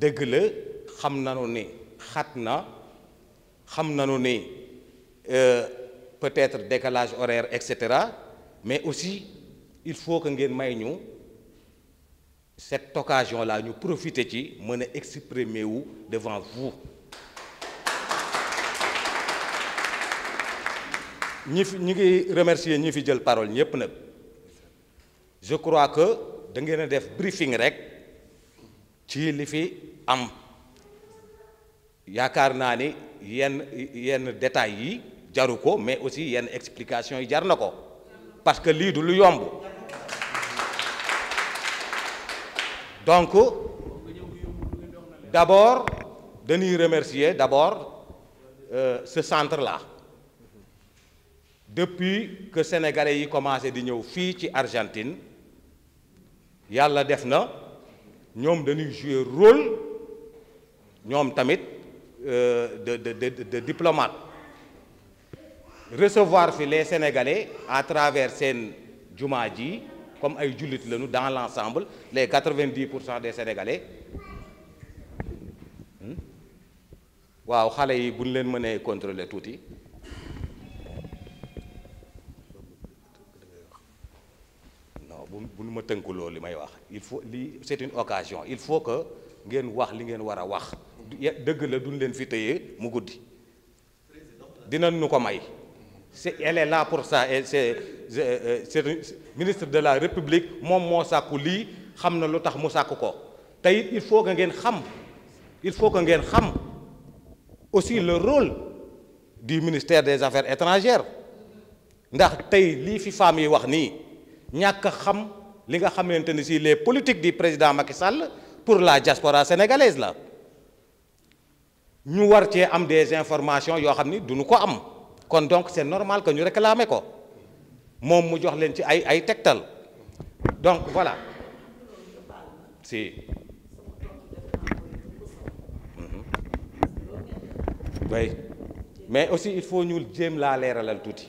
dëgg la xam nanu ni xat na xam nanu ni euh, peut-être décalage horaire et cetera mais aussi il faut que ngeen may ñu cette occasion la ñu profiter ci mën a exprimer wu devant vous ñi fi ñi ngi remercier ñi fi jël parole ñëpp nag je crois que da ngeen a def briefing rek ci li fi am yaakaar naa ni yenn yenn détails yi jaru ko mais aussi yenn explication yi jar na ko parce que lii du lu yomb donc d'abord danuy remercier d'abord euh, ce centre-là depuis que sénégalais yi commencé di ñëw fii ci Argentine yàlla def na ñoom dañuy jouer rôle ñoom tamit euh, de de de de diplomate recevoir fi les sénégalais à travers seen jumaa ji comme ay jullit lañu dans l'ensemble les quatre-vingt-dix pour cent des sénégalais hmm? waaw xale yi bu ñu leen mënee contrôler tuuti. mënu ma tënk loolu li may wax il faut li c'est une occasion il faut que ngeen wax li ngeen war a wax dëgg la duñ leen fi tëyee mu guddi dinañ ñu ko may c'est elle est pour sa et c'est euh, euh, c'est ministre de la république moom moo sàkku lii xam na lu tax mu sàkk ko tey il faut que ngeen xam il faut que ngeen xam aussi le rôle di ministère des affaires étrangères ndax tey lii fi femmes yi wax nii ñàkk xam li nga xamante ni si les politiques di président Macky Sall pour la diaspora sénégalaise la ñu war cee am des informations yoo xam ni duñu ko am kon donc c'est normal que ñu réclamer ko moom mu jox leen ci ay ay tegtal donc voilà si mhm. oui mais aussi il faut ñu jéem laa leeralal tuuti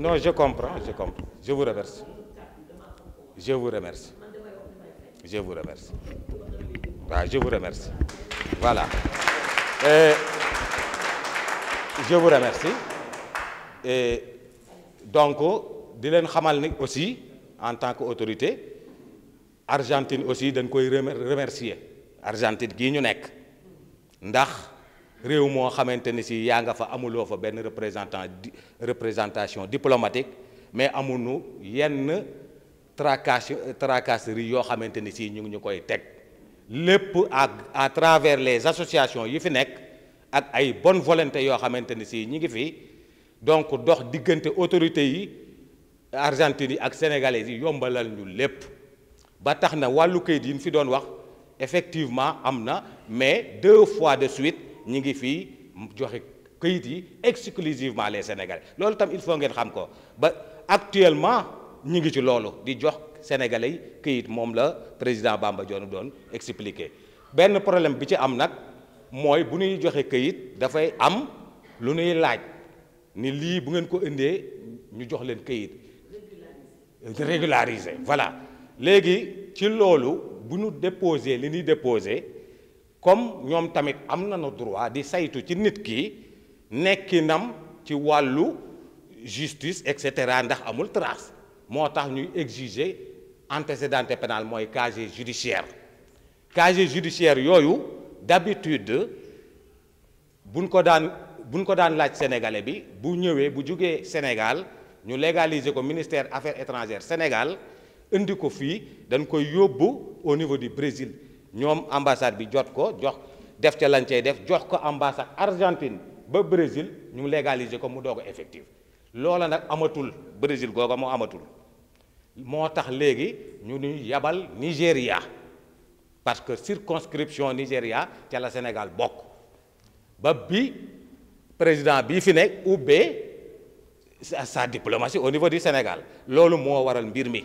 non je comprends je comprends je vous remercie je vous remercie je je vous remercie voilà et euh, je vous remercie et donc di leen xamal ni aussi en tant que autorité Argentine aussi dañ koy remercier Argentine gii ñu nekk ndax. réew moo xamante ni si yaa nga fa amuloo fa benn représentant di représentation diplomatique mais nu yenn tracas tracasserie yoo xamante ni si ñu ngi ñu koy teg lépp ak à travers les associations yi fi nekk ak ay bonne volonté yoo xamante ni si ñi ngi fi donc dox diggante autorités yi Argentine ak sénégalais yi yombalal ñu lépp ba tax na wàllu kayit yi ñu fi doon wax effectivement am na mais deux fois de suite ñu ngi fii joxe këyit yi exclusivement les sénégal loolu tam il faut ngeen xam ko ba actuellement ñu ngi ci loolu di jox sénégalais këyit moom la président Bamba Dione doon expliquer benn problème bi ci am nag mooy bu ñuy joxe këyit dafay am lu ñuy laaj ni lii bu ngeen ko indee ñu jox leen këyit régulariser voilà léegi ci loolu bu ñu déposé li ñuy déposé comme ñoom tamit am nañu droit di saytu ci nit ki nekkinam ci wàllu justice et cetera ndax amul trace moo tax ñuy exiger antécédent pénal mooy casier judiciaire casier judiciaire yooyu d'habitude buñ ko daan buñ ko daan laaj sénégalais bi bu ñëwee bu jógee Sénégal ñu légaliser ko ministère affaires étrangères Sénégal indi ko fii dañ koy yóbbu au niveau du Brésil ñoom ambassade bi jot ko jox def ca lañ cay def jox ko ambassade Argentine ba Brésil ñu légaliser ko mu doog a effectif loola nag amatul Brésil googa moo amatul moo tax léegi ñu ñuy yabal Nigéria parce que circonscription Nigéria ca la Sénégal bokk ba bi président bii fi nekk ubbee sa diplomatie au niveau du Sénégal loolu moo waral mbir mi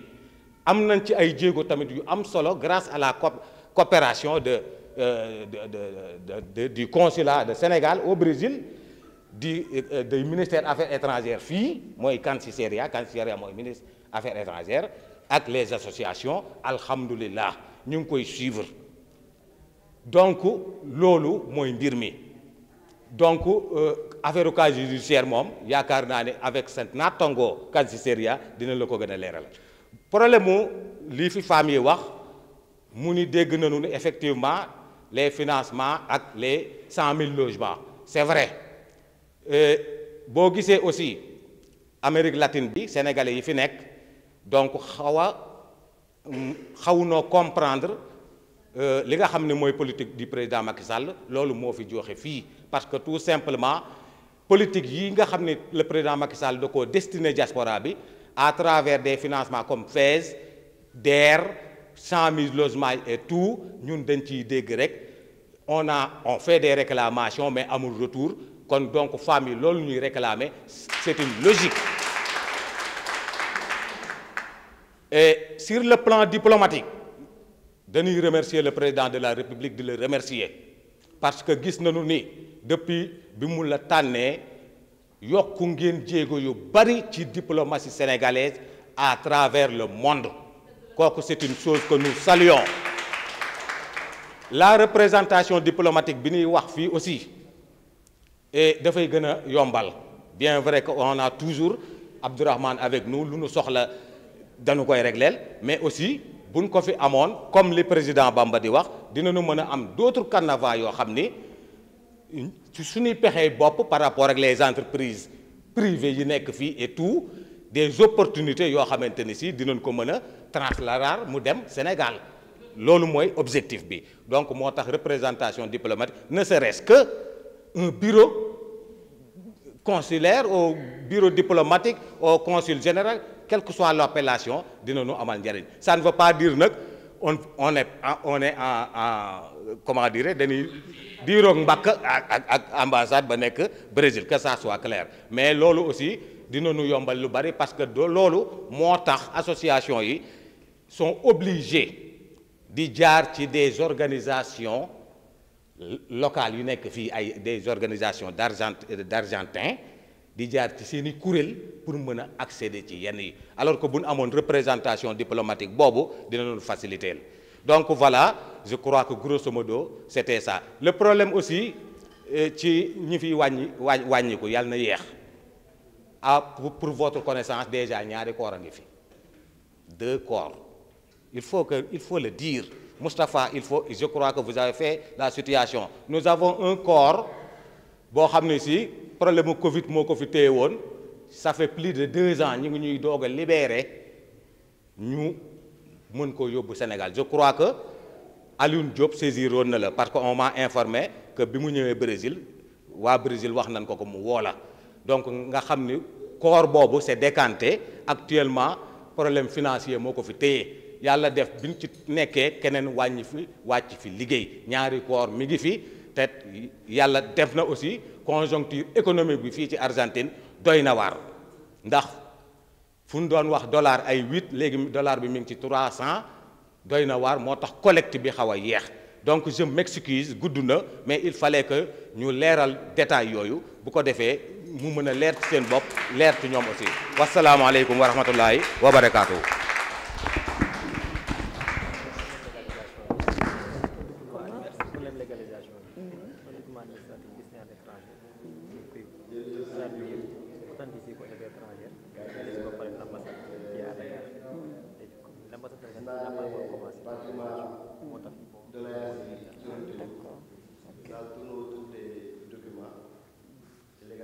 am nañ ci ay jéego tamit yu am solo grace à la COP coopération de, euh, de, de, du consulat de Sénégal au Brésil du euh, du ministère affaires étrangères fii mooy Cancilleria Cancilleria mooy ministre affaire étrangères ak les associations alhamdulillah ñu ngi koy suivre donc loolu mooy mbir mi donc euh, affaire cas judiciaire moom yaakaar naa ne avec seen naattango Cancilleria dina la ko gën a leeral problème mu lii fi femmes yi wax. mu ni dégg nañu ni effectivement les financements ak les cent mille logements c'est vrai euh, boo gisee aussi Amérique latine bi sénégalais yi fi nekk donc xawa a mm, xaw noo comprendre euh, li nga xam ne mooy politique du président Macky Sall loolu moo fi joxe fii parce que tout simplement politique yi nga xam ne le président Macky Sall da koo destiné diaspora bi à travers des financements comme FAISE DER cent mille logements et tout ñun dañ ciy dégg rek on a on fait des réclamations mais amul retour kon donc femmes yi loolu ñuy réclamer c'est une logique et sur le plan diplomatique dañuy remercier le président de la république di la remercier parce que gis nañu ni depuis bi mu la tànnee yokk ngeen jéego yu bari ci diplomatie sénégalaise à travers le monde kooku c'est une chose que nu salion la représentation diplomatique bi nuy wax fii aussi e dafay gën a yombal bien vrai que on a toujours Abdourahmane avec nu lu nu soxla danu koy régleel mais aussi buñ ko fi amoon comme li président Bamba di wax dinañu mën a am d'autres carnavals yoo xam ni ci suñuy pexee bopp par rapport ak les entreprises privées yi nekk fii et tout des opportunités yoo xamante ni si dinañ ko mën a translarar mu dem Sénégal loolu mooy objectif bi donc moo tax représentation diplomatique ne serait-ce que un bureau consulaire au bureau diplomatique au consul général quelle que soit l'appellation nu amal njariñ ça ne veut pas dire nag on on est on est en en comment dire dañuy diiroog mbàkk ak ak ambassade ba nekk Brésil que ça soit clair mais loolu aussi dina nu yombal lu bari parce que loolu moo tax association yi son obligés di jaar ci des organisations locales yu nekk fii ay des organisations d'argent d'argentin di jaar ci seen i kuréel pour mën a accéder ci yenn yi alors que bu ñu amoon représentation diplomatique boobu dina nu faciliter donc voilà je crois que grosso modo c'était ça le problème aussi euh, ci ñi fiy wàññi wàññiku yàlla na yéex. ah pour votre connaissance déjà ñaari koor ngi fi deux corps il faut que il faut le dire Moustapha il faut je crois que vous avez fait la situation nous avons un corps boo xam ne si problème mu Covid moo ko fi téye woon ça fait plus de deux ans ñu ngi ñuy doog a libéré ñu mën ko yóbbu Sénégal je crois que Alioune Diop saisiroon na la parce que on m'a informé que bi mu ñëwee Brésil waa Brésil wax nañ ko ko mu woola donc nga xam ni koor boobu c'est décanté actuellement problème financier moo ko fi téye yàlla def biñ ci nekkee keneen wàññi fi wàcc fi liggéey ñaari koor mi ngi fi te yàlla def na aussi conjoncture économique bi fii ci Argentine doy na waar ndax fu ñu doon wax dollar ay huit léegi dollar bi mi ngi ci trois cent doy na waar moo tax collecte bi xaw a yeex donc je m'excuse gudd na mais il fallait que ñu leeral détail yooyu bu ko defee mu mën a leer ci seen bopp leer ci ñoom aussi wasalaamaaleykum wa rahmatullahi wa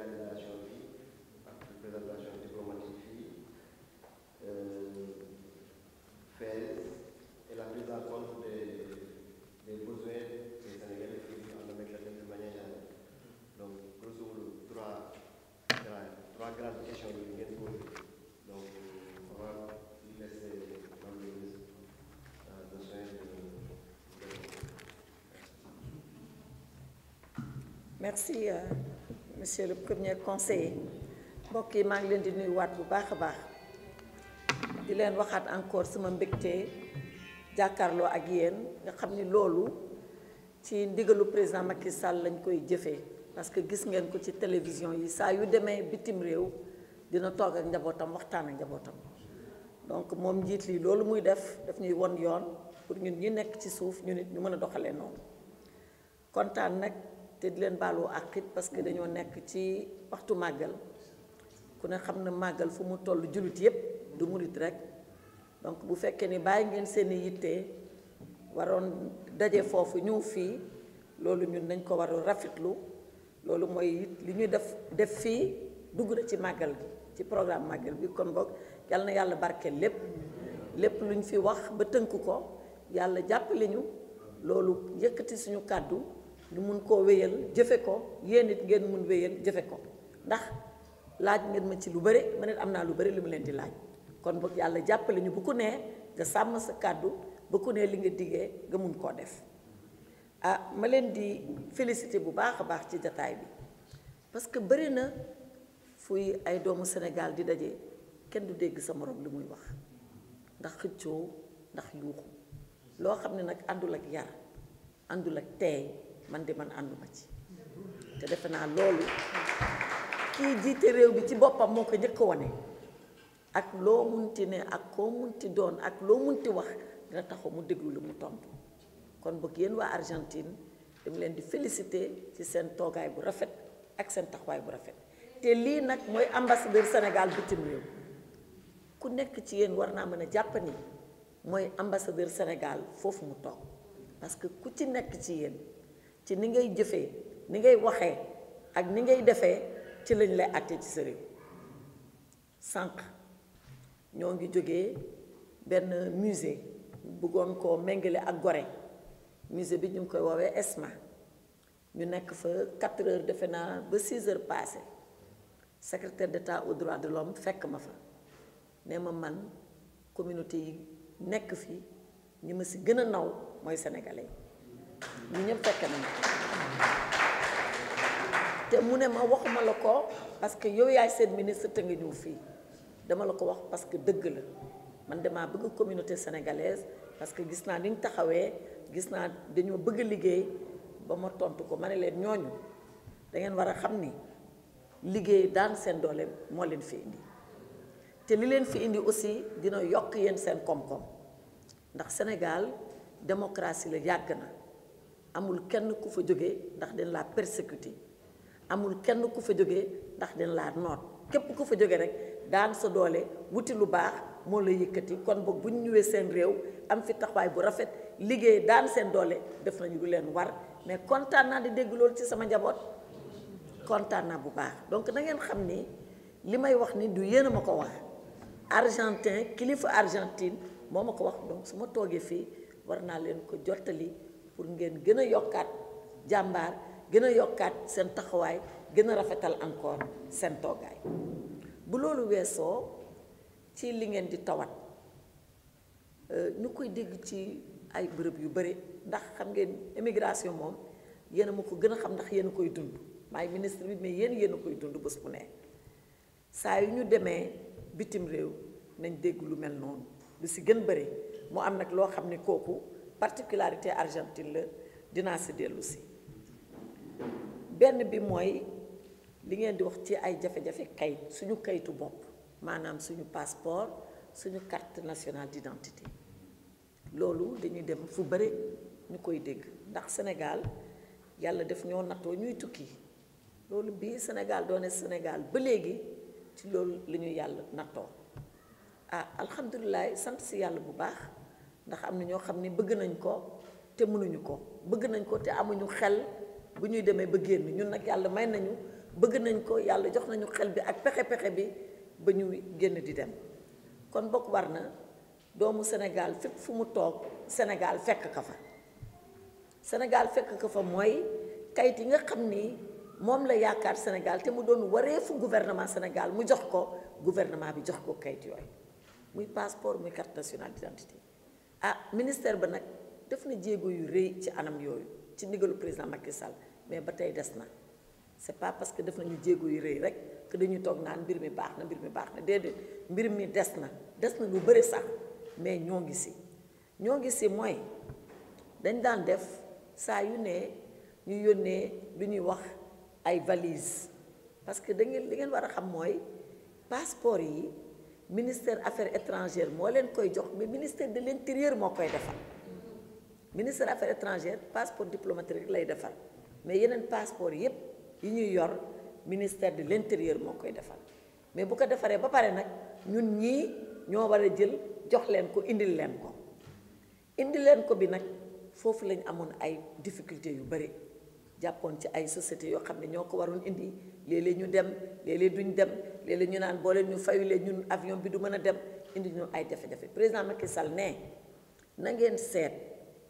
organisation bi ak représentation diplomatique fii Fès et la prise en compte des des besoins des Sénégalais fii en Amérique latine de manière générale donc grosso modo trois grandes trois grandes questions yi ngeen posé donc on va laisser Madame le ministre le soin de Merci. monsieur le premier conseiller mbokk yi maa ngi leen di waat bu baax a baax di leen waxaat encore sama mbégte jàkkaarloo ak yéen nga xam ni loolu ci ndigalu président Macky Sall lañ koy jëfee parce que gis ngeen ko ci télévision yi saa yu demee bitim réew dina toog ak njabootam waxtaan ak njabootam donc moom njiit lii loolu muy def daf ñuy won yoon pour ñun ñu nekk ci suuf ñu nit ñu mën a doxalee noonu kontaan nag. te di leen baaloo ak it parce que dañoo nekk ci waxtu màggal ku ne xam na màggal fu mu toll jullit yépp du murit rek donc bu fekkee ni bàyyi ngeen seeni yitte waroon daje foofu ñëw fii loolu ñun nañ ko war a rafetlu loolu mooy it li ñu def def fii dugg na ci màggal gi ci programme màggal bi kon boog yal na yàlla barkeel lépp lépp luñ fi wax ba tënk ko yàlla jàppale ñu loolu yëkkati suñu kàddu ñu mun koo wéyal jëfe ko yéen it ngeen mun wéyal jëfe ko ndax laaj ngeen ma ci lu bëri ma ne am naa lu bëri li ma leen di laaj kon boog yàlla jàppale ñu bu ko nee nga sàmm sa kàddu bu ko nee li nga diggee nga mun koo def ah ma leen di félicité bu baax a baax ci jataay bi parce que bëri na fuy ay doomu Sénégal di daje kenn du dégg sa morom li muy wax ndax xëccoo ndax yuuxu loo xam ne nag àndul ak yar àndul ak teey man di man ànduma ci te defe naa loolu kii jiite réew bi ci boppam moo ko njëkk wone ak loo munti ne ak koo munti doon ak loo munti wax dina taxu mu déglu lu mu tontu kon bëgg yéen waa Argentine dama leen di féliciter ci seen toogaay bu rafet ak seen taxawaay bu rafet te lii nag mooy ambassadeur Sénégal bitim réew ku nekk ci yéen war naa mën a jàpp mooy ambassadeur Sénégal foofu mu toog parce que ku ci nekk ci yéen ci ni ngay jëfee ni ngay waxee ak ni ngay defee ci lañ lay àtte ci sa réew sànq ñoo ngi jógee benn musée bëggoon koo méngale ak gore musée bi ñu ngi koy woowee ESMA ñu nekk fa 4 heures defe naa ba 6 heures passé secrétaire d'État aux droits de l'homme fekk ma fa ne ma man communauté yi nekk fi ñi ma si gën a naw mooy sénégalais ñu ñëpp fekke nañ te mu ne ma waxuma la ko parce que yow yaay seen ministre te nga ñëw fii dama la ko wax parce que dëgg la man damaa bëgg communauté sénégalaise parce que gis naa ni ñu taxawee gis naa dañoo bëgg liggéey ba ma tontu ko ma ne leen ñooñu da ngeen war a xam ni liggéey daan seen doole moo leen fi indi te li leen fi indi aussi dina yokk yéen seen koom-koom ndax Sénégal démocratie la yàgg na. amul kenn ku fa jóge ndax dañ laa persécuté amul kenn ku fa jógee ndax dañ laa noot képp ku fa jóge rek daan sa doole wuti lu baax moo la yëkkati kon boog bu ñu ñëwee seen réew am fi taxawaay bu rafet liggéey daan seen doole def nañu lu leen war mais kontaan naa di dégg loolu ci sama njaboot kontaan naa bu baax donc na ngeen xam ni li may wax ni du yéen ma ko wax argentin kilifa argentine moo ma ko wax donc su ma toogee fii war naa leen ko jottali. pour ngeen gën a yokkaat jàmbaar gën a yokkaat seen taxawaay gën a rafetal encore seen toogaay bu loolu weesoo ci li ngeen di tawat euh, ñu koy dégg ci ay bërëb yu bëri ndax xam ngeen immigration moom yéen a ma ko gën a xam ndax yéen koy dund maay ministre bi mais yéen yéen koy dund bés bu ne saa yu ñu demee bitim réew nañ dégg lu mel noonu lu si gën bëri mu am nag loo xam ne kooku particularité Argentine la dinaa si dellu benn bi mooy li ngeen di wax ci ay jafe-jafe kayit suñu kayitu bopp maanaam suñu passeport suñu kart nationale d'identité loolu dañuy dem fu bëri ñu koy dégg ndax Sénégal yàlla def ñoo nattoo ñuy tukki loolu bii Sénégal doone Sénégal ba léegi ci loolu la ñu yàlla nattoo ah alhamdulilah sant si yàlla bu baax. ndax am na ñoo xam ne bëgg nañ ko te mënuñu ko bëgg nañ ko te amuñu xel bu ñuy demee ba génn ñun nag yàlla may nañu bëgg nañ ko yàlla jox nañu xel bi ak pexe-pexe bi ba ñu génn di dem kon bokk war na doomu Sénégal fépp fu mu toog Sénégal fekk ko fa Sénégal fekk ka fa mooy kayit yi nga xam ni moom la yaakaar Sénégal te mu doon waree wareefu gouvernement Sénégal mu jox ko gouvernement bi jox ko kayit yooyu muy passeport muy carte nationale d'identité ah ministère ba nag def na jéego yu rëy ci anam yooyu ci ndigalu président Macky Sall mais ba tey des na c'est pas parce que def nañu jéego yu rëy rek que dañuy toog naan mbir mi baax na mbir mi baax na déedéet mbir mi des na des na lu bëri sax mais ñoo ngi si ñoo ngi si mooy dañ daan def saa yu ne ñu yónnee lu ñuy wax ay valise parce que da li ngeen war a xam mooy passeport yi. ministère affaires étrangères moo leen koy jox mais ministère de l' intérieur moo koy defar ministère affaires étrangères passeport diplomatique lay defar mais yeneen passeport yépp yi ñuy yor ministère de l' intérieur moo koy defar mais bu ko defaree ba pare nag ñun ñii ñoo war a jël jox leen ko indil leen ko indil leen ko bi nag foofu lañ amoon ay difficultés yu bëri jàppoon ci ay société yoo xam ne ñoo ko waroon indi léeg-léeg ñu dem léeg-léeg duñ dem léeg-léeg ñu naan boole ñu fayulee ñun avion bi du mën a dem indi ñu ay jafe-jafe président Macky Sall ne na ngeen seet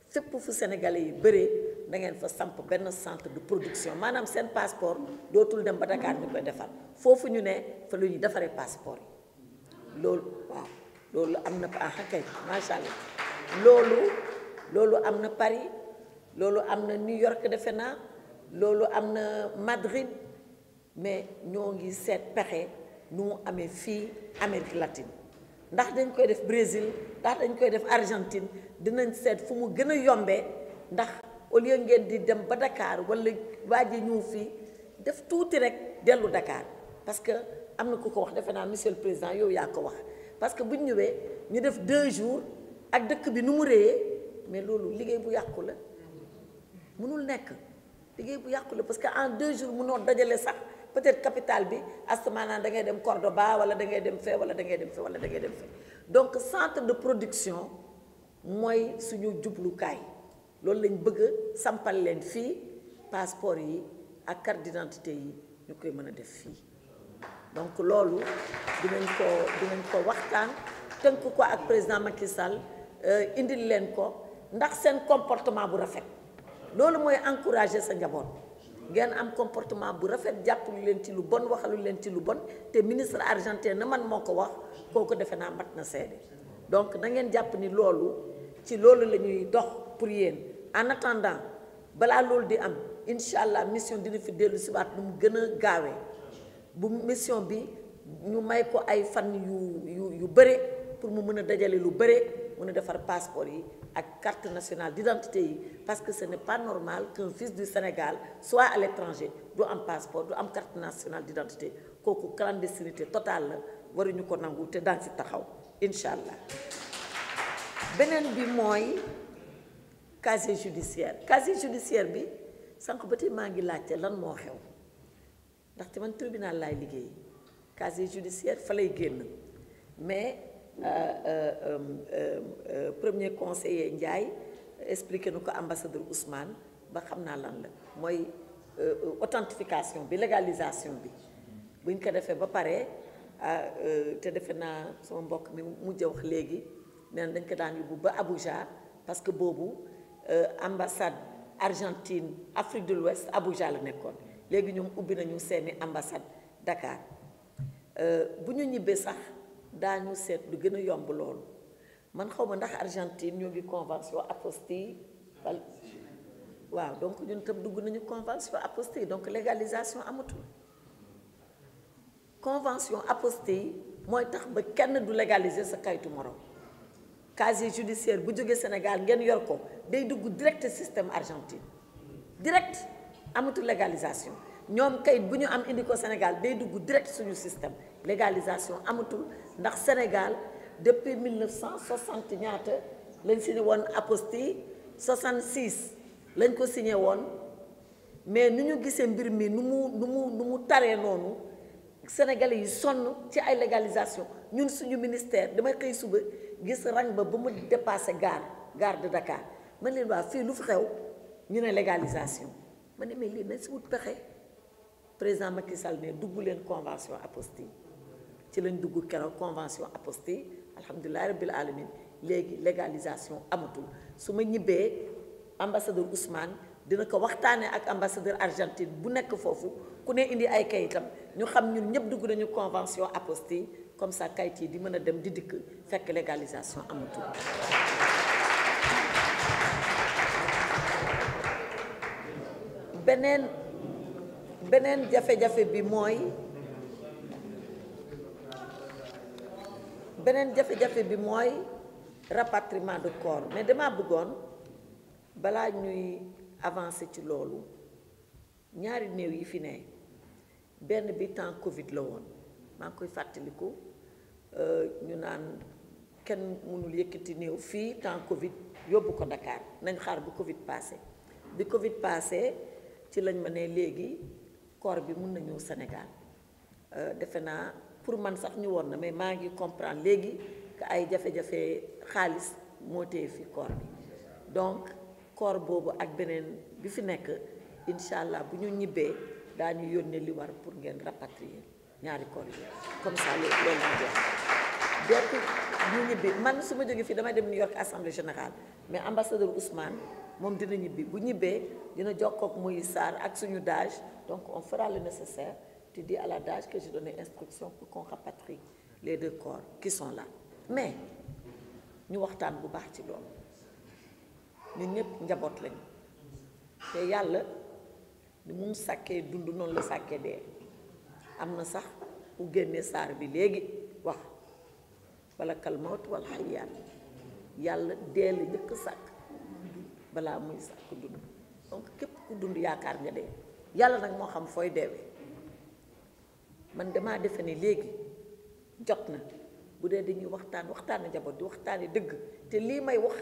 fépp fu sénégalais yi bëree da ngeen fa samp benn centre de production maanaam seen passeport dootul dem ba Dakar ñu koy defar foofu ñu ne fa lu ñuy defaree passeport yi loolu waaw loolu am na ah macha allah loolu loolu am na Paris loolu am na New York defe na loolu am na Madrid mais ñoo ngi seet pexe nu mu amee fii Amérique latine ndax dañ koy def Brésil ndax dañ koy def Argentine dinañ seet fu mu gën a yombee ndax au lieu ngeen di dem ba Dakar wala waa ji ñëw fii def tuuti rek dellu dakaar parce que am na ku ko wax defe naan monsieur le président yow yaa ko wax parce que bu ñu ñëwee ñu def deux jours ak dëkk bi nu mu réyee mais loolu liggéey bu yàqu la mënul nekk. liggéey bu yàqu la parce que en deux jours mënoo dajale sax peut-être capital bi astamaanaan da dangay dem Cordoba wala da ngay dem fee wala dangay ngay dem fee wala da ngay dem fee donc centre de production mooy suñu jublukaay loolu lañ bëgg sampal leen fii passeport yi ak carte d'identité yi ñu koy mën a def fii donc loolu dinañ ko dinañ ko waxtaan tënk ko ak président Macky Sall euh, indil leen ko ndax seen comportement bu rafet loolu mooy encourager sa njaboot ngeen am comportement bu rafet jàppalu leen ci lu bon waxalu leen ci lu bon te ministre argentin na man moo ko wax kooku defe naa mat na seede donc na ngeen jàpp ni loolu ci loolu la ñuy dox pour yéen en attendant balaa loolu di am incha allah mission dina fi dellu siwaat nu mu gën a gaawee bu mission bi ñu may ko ay fan yu yu yu bëre pour mu mën a dajale lu bëre mun a defar passeport yi ak carte nationale d'identité yi parce que ce n'est pas normal qu'un fils du Sénégal soit à l'étranger du am passeport du am carte nationale d'identité kooku clandestinité totale la waruñu ko nangu te daan si taxaw incha allah beneen bi mooy casier judiciaire casier judiciaire bi sànq ba tey maa ngi laajte lan moo xew ndaxte man tribunal laay liggéey casier judiciaire fa lay génn mais Euh, euh, euh, premier conseiller Ndiaye expliqué na ko ambassadeur Ousmane ba xam naa lan la mooy authentification bi légalisation bi buñ ko defee ba pare ah, te defe naa sama mbokk mi mujj wax léegi nee dañ ko daan yóbbu ba Abuja parce que boobu ambassade Argentine Afrique de l'Ouest Abuja la nekkoon léegi ñoom ubbi nañu seeni ambassade Dakar bu ñu ñibbee sax. daañu seet lu gën a yomb loolu man xaw ma ndax Argentine ñoo ngi convention apostille waaw donc ñun tam dugg nañu convention apostille donc légalisation amatul convention apostille mooy tax ba kenn du légaliser sa kayitu morom casier judiciaire bu jógee Sénégal ngeen yor ko day dugg direct système Argentine direct amatul légalisation ñoom kayit bu ñu am indi ko Sénégal day dugg direct suñu système légalisation amatul ndax Sénégal depuis 1960 ñaata lañ signé woon apostille 66 lañ ko signé woon mais nu ñu gisee mbir mi nu mu nu mu taree noonu sénégal yi sonn ci ay légalisation ñun suñu ministère damay xëy suba gis rang ba ba mu dépassé gare gare de Dakar man leen waa fii lu fi xew ñu ne légalisation ma ne mais lii nañ si wut pexe président Macky Sall ne dugg leen convention apostille ci lañ dugg keroog convention apostée alhamdulilah rabbil alamin léegi légalisation amatul su ma ñibbee ambassadeur Ousmane dina ko waxtaanee ak ambassadeur Argentine bu nekk foofu ku ne indi ay kayitam ñu xam ñun ñëpp dugg nañu convention apostée comme ça kayit yi di mën a dem di dikk fekk légalisation amatul. beneen beneen jafe-jafe bi mooy. beneen jafe-jafe bi mooy rapatriement de corps mais dama bëggoon balaa ñuy avancer ci loolu ñaari néew yi fi ne benn bi temps Covid la woon maa ngi koy fàttaliku euh, ñu naan kenn mënul yëkkati néew fii temps Covid yóbbu ko ndakaar nañ xaar bu Covid passé bi Covid passé ci lañ ma ne léegi corps bi mun na senegal Sénégal euh, defe naa. pour man sax ñu woon na mais maa ngi comprendre léegi que ay jafe-jafe xaalis moo téye fi corps bi donc corps boobu ak beneen bi fi nekk incha allah bu ñu ñibbee daañu yónnee li war pour ngeen rapatrier ñaari corps yi comme ça loolu loolu ñu jox donc ñu ñibbi man su ma jógee fii damay dem New York assemblée générale mais ambassadeur Ousmane moom dina ñibbi bu ñibbee dina jokkoo ak muy Sarr ak suñu dage donc on fera le nécessaire. tu dis à la DAGE que j'ai donné instruction pour qu'on rapatrie les deux corps qui sont mais ñu waxtaan bu baax ci loolu ñun ñëpp njaboot lañu te yàlla ni mu sàkkee dund noonu la sàkkee dee am na sax bu génnee saar bi léegi wax wala kalmawt wala xayaat yàlla dee la njëkk sàkk balaa muy sàkk dund donc képp ku dund yaakaar nga dee yàlla nag moo xam fooy deewee man damaa defe ne léegi jot na bu dee dañuy waxtaan waxtaan waxtaanu njaboot di waxtaani dëgg te lii may wax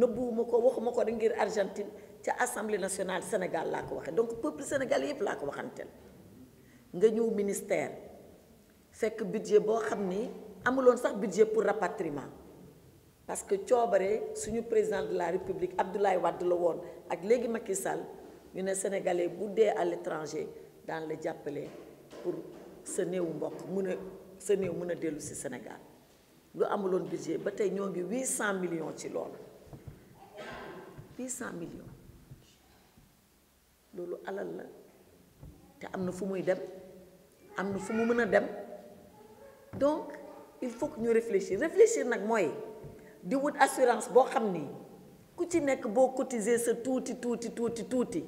nëbbuwuma ko waxuma ko da ngir Argentine ca assemblée nationale Sénégal laa ko waxee donc peuple Sénégal yëpp laa ko waxanteel nga ñëw ministère fekk budget boo xam ni amuloon sax budget pour rapatriement parce que coobare suñu président de la république Abdoulaye Wade la woon ak léegi Macky Sall ñu ne sénégalais bu dee à l'étranger daan la jàppale sa néewu mbokk mun a sa néew mun a dellu si Sénégal lu amuloon budget ba tey ñoo ngi huit cent million ci loolu huit cent millions loolu alal la te am na fu muy dem am na fu mu mën a dem donc il faut que ñu réfléchir réfléchir nag mooy di wut assurance boo xam ni ku ci nekk boo cotiser sa tuuti tuuti tuuti tuuti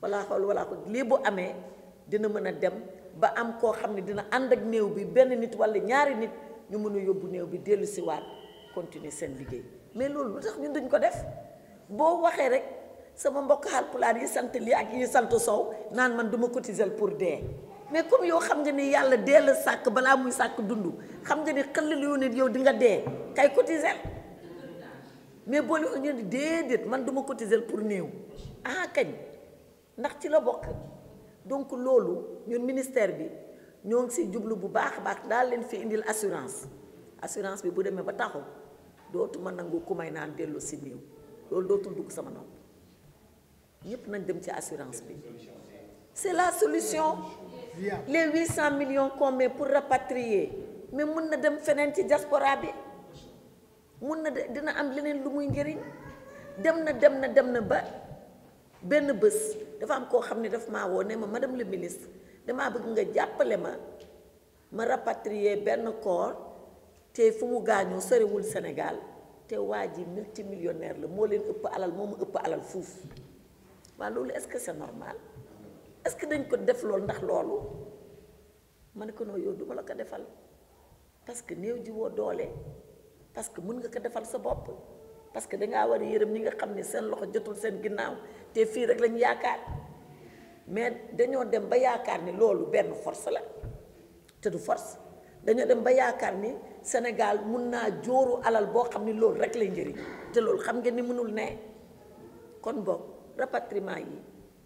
walla xool walla ko lii bu amee dina mën a dem ba am koo xam ne dina ànd ak néew bi benn nit walla ñaari nit ñu mën a yóbbu néew bi dellu si waat continuer seen liggéey mais loolu lu tax ñun duñ ko def boo waxee rek sama mbokk Haalpulaar yi sant lii ak yi sant Sow naan man duma ma cotiser pour dee mais comme yow xam nga yàlla dee la balaa muy sàkk dund xam nga ni xel lu yow di nga dee kay cotiser mais boo leen ñu man duma ma cotiser pour néew ah kañ ndax ci la bokk donc loolu. ñun ministère bi ñoo ngi si jublu bu baax a baax daal leen fi indil assurance assurance bi bu demee ba taxaw dootuma nangu ku may naan dellu si néew loolu dootul dugg sama nopp ñëpp nañ dem ci assurance bi c'est la solution les huit cent millions qu'on met pour rapatrier mais mun na dem feneen ci diaspora bi mun na dina am leneen lu muy njëriñ dem na dem na dem na ba benn bés dafa am koo xam ne daf maa woo ne ma ma dem le ministre damaa bëgg nga jàppale ma ma rapatrier benn corps te fu mu gaañoo soriwul Sénégal te waa ji multimillionnaire la moo leen ëpp alal moo ma ëpp alal fuuf waaw loolu est-ce que c'est normal est-ce que dañ ko def loolu ndax loolu ma ne ko noo yow duma la ko defal parce que néew ji woo doole parce que mën nga ko defal sa bopp parce que dangaa war yërëm ñi nga xam ne seen loxo jotul seen ginnaaw te fii rek lañ yaakaar mais dañoo dem ba yaakaar ni loolu benn force la te du force dañoo dem ba yaakaar ni Sénégal mun naa jóoru alal boo xam ni loolu rek lay njëriñ te loolu xam nga ni mënul ne kon boog rapatriement yi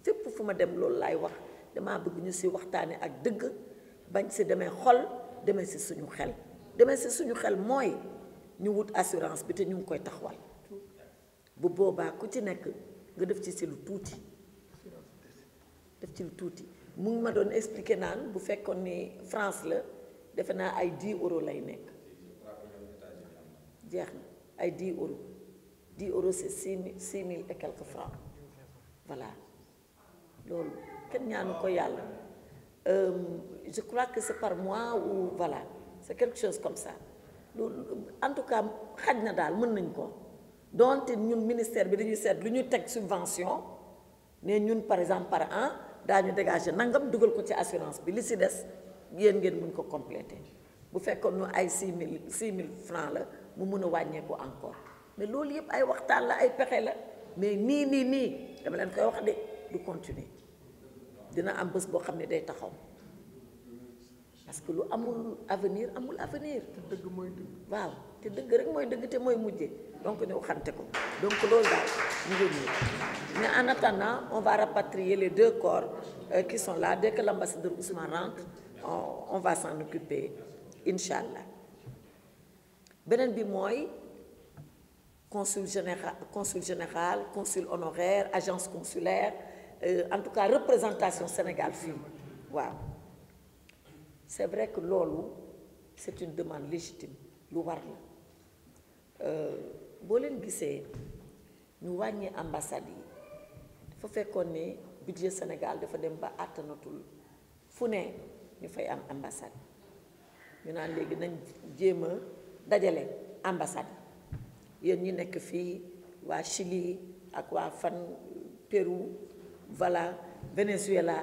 fépp fu ma dem loolu laay wax damaa bëgg ñu si waxtaane ak dëgg bañ si demee xol demee si suñu xel demee si suñu xel mooy ñu wut assurance bi te ñu ngi koy taxawal bu boobaa ku ci nekk nga def ci si lu tuuti def ci lu tuuti mu ngi ma doon expliquer naan bu fekkoon ni France la defe naa ay 10 euros lay nekk jeex na ay 10 euros 10 euros si six mille six mille et quelques francs voilà loolu kenn ñaanu ko yàlla euh, je crois que c'est par mois ou voilà c'est quelque chose comme ça loolu en tout cas xaj na daal mën nañ ko doonte ñun ministère bi dañuy seet lu ñu teg subvention ne ñun par exemple par an daañu dégager nangam dugal ko ci assurance bi li si des yéen ngeen mun ko complété bu fekkoon nu ay 6 000 6 000 francs la mu mun a wàññeeku encore mais loolu yëpp ay waxtaan la ay pexe la mais nii nii nii dama leen koy wax de du continuer dina am bés boo xam ne day taxaw parce que lu amul avenir amul avenir. dëgg mooy dëgg waaw. te dëgg rek mooy dëgg te mooy mujje donc ñu waxante ko donc loolu daal ñu ngi nii mais en attendant on va rapatrier les deux corps euh, qui sont là dès que l'ambassadeur Ousmane rentre on va s'en occuper incha allah beneen bi mooy consul général consul général consul honoraire agence consulaire euh, en tout cas représentation Sénégal fii waaw c'est vrai que loolu c'est une demande légitime lu war la Euh, boo leen gisee ñu wàññi ambassade yi dafa fekkoon ne budget Sénégal dafa dem ba àttanatul fu ne ñu fay am ambassade ñu naan léegi nañ jéem a dajale ambassade yéen ñi nekk fii waa Chili ak waa fan Pérou voilà Venezuela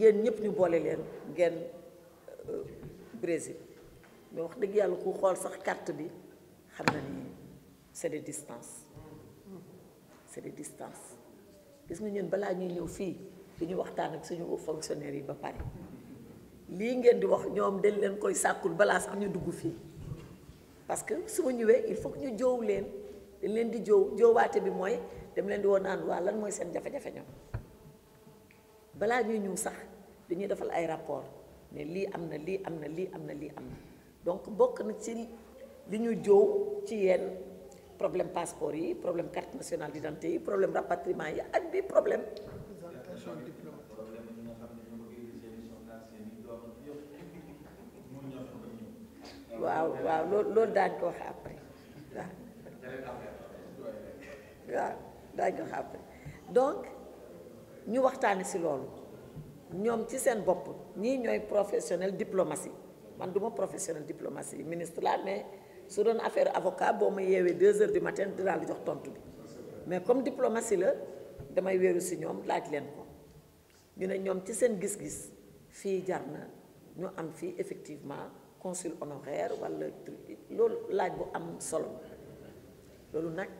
yéen ñëpp ñu boole leen ngeen euh, Brésil mais wax dëgg yàlla ku xool sax carte bi xam na ni c'est des distance c'est des distances gis nga ñun balaa ñuy ñëw fii dañu waxtaan ak suñu fonctionnaires yi ba pare lii ngeen di wax ñoom dañ leen koy sàkkul balaa sax ñu dugg fii parce que su ma ñëwee il faut ñu joow leen dañ leen di joow joowaate bi mooy dem leen di woon naan waa lan mooy seen jafe-jafe ñoom balaa ñuy ñëw sax dañuy defal ay rapport ne lii am na lii am na lii am na lii am na donc bokk na ci li ñu joow ci yenn problème passeport yi problème carte nationale d'identité yi problème rapatriement yi ak bi problème waaw waaw loolu loolu daañ ko wax après waaw waaw daañ ko wax après donc ñu waxtaane si loolu ñoom ci seen bopp ñii ñooy professionnel diplomatie man duma professionnel diplomatie ministre laa mais su doon affaire avocat boo ma yeewee deux heures du matin dinaa la jox tontu bi mais comme diplomatie la damay wéeru si ñoom laaj leen ko ñu ne ñoom ci seen gis-gis fii jar na ñu am fii effectivement consul honoraire wala loolu laaj bu am solo loolu nag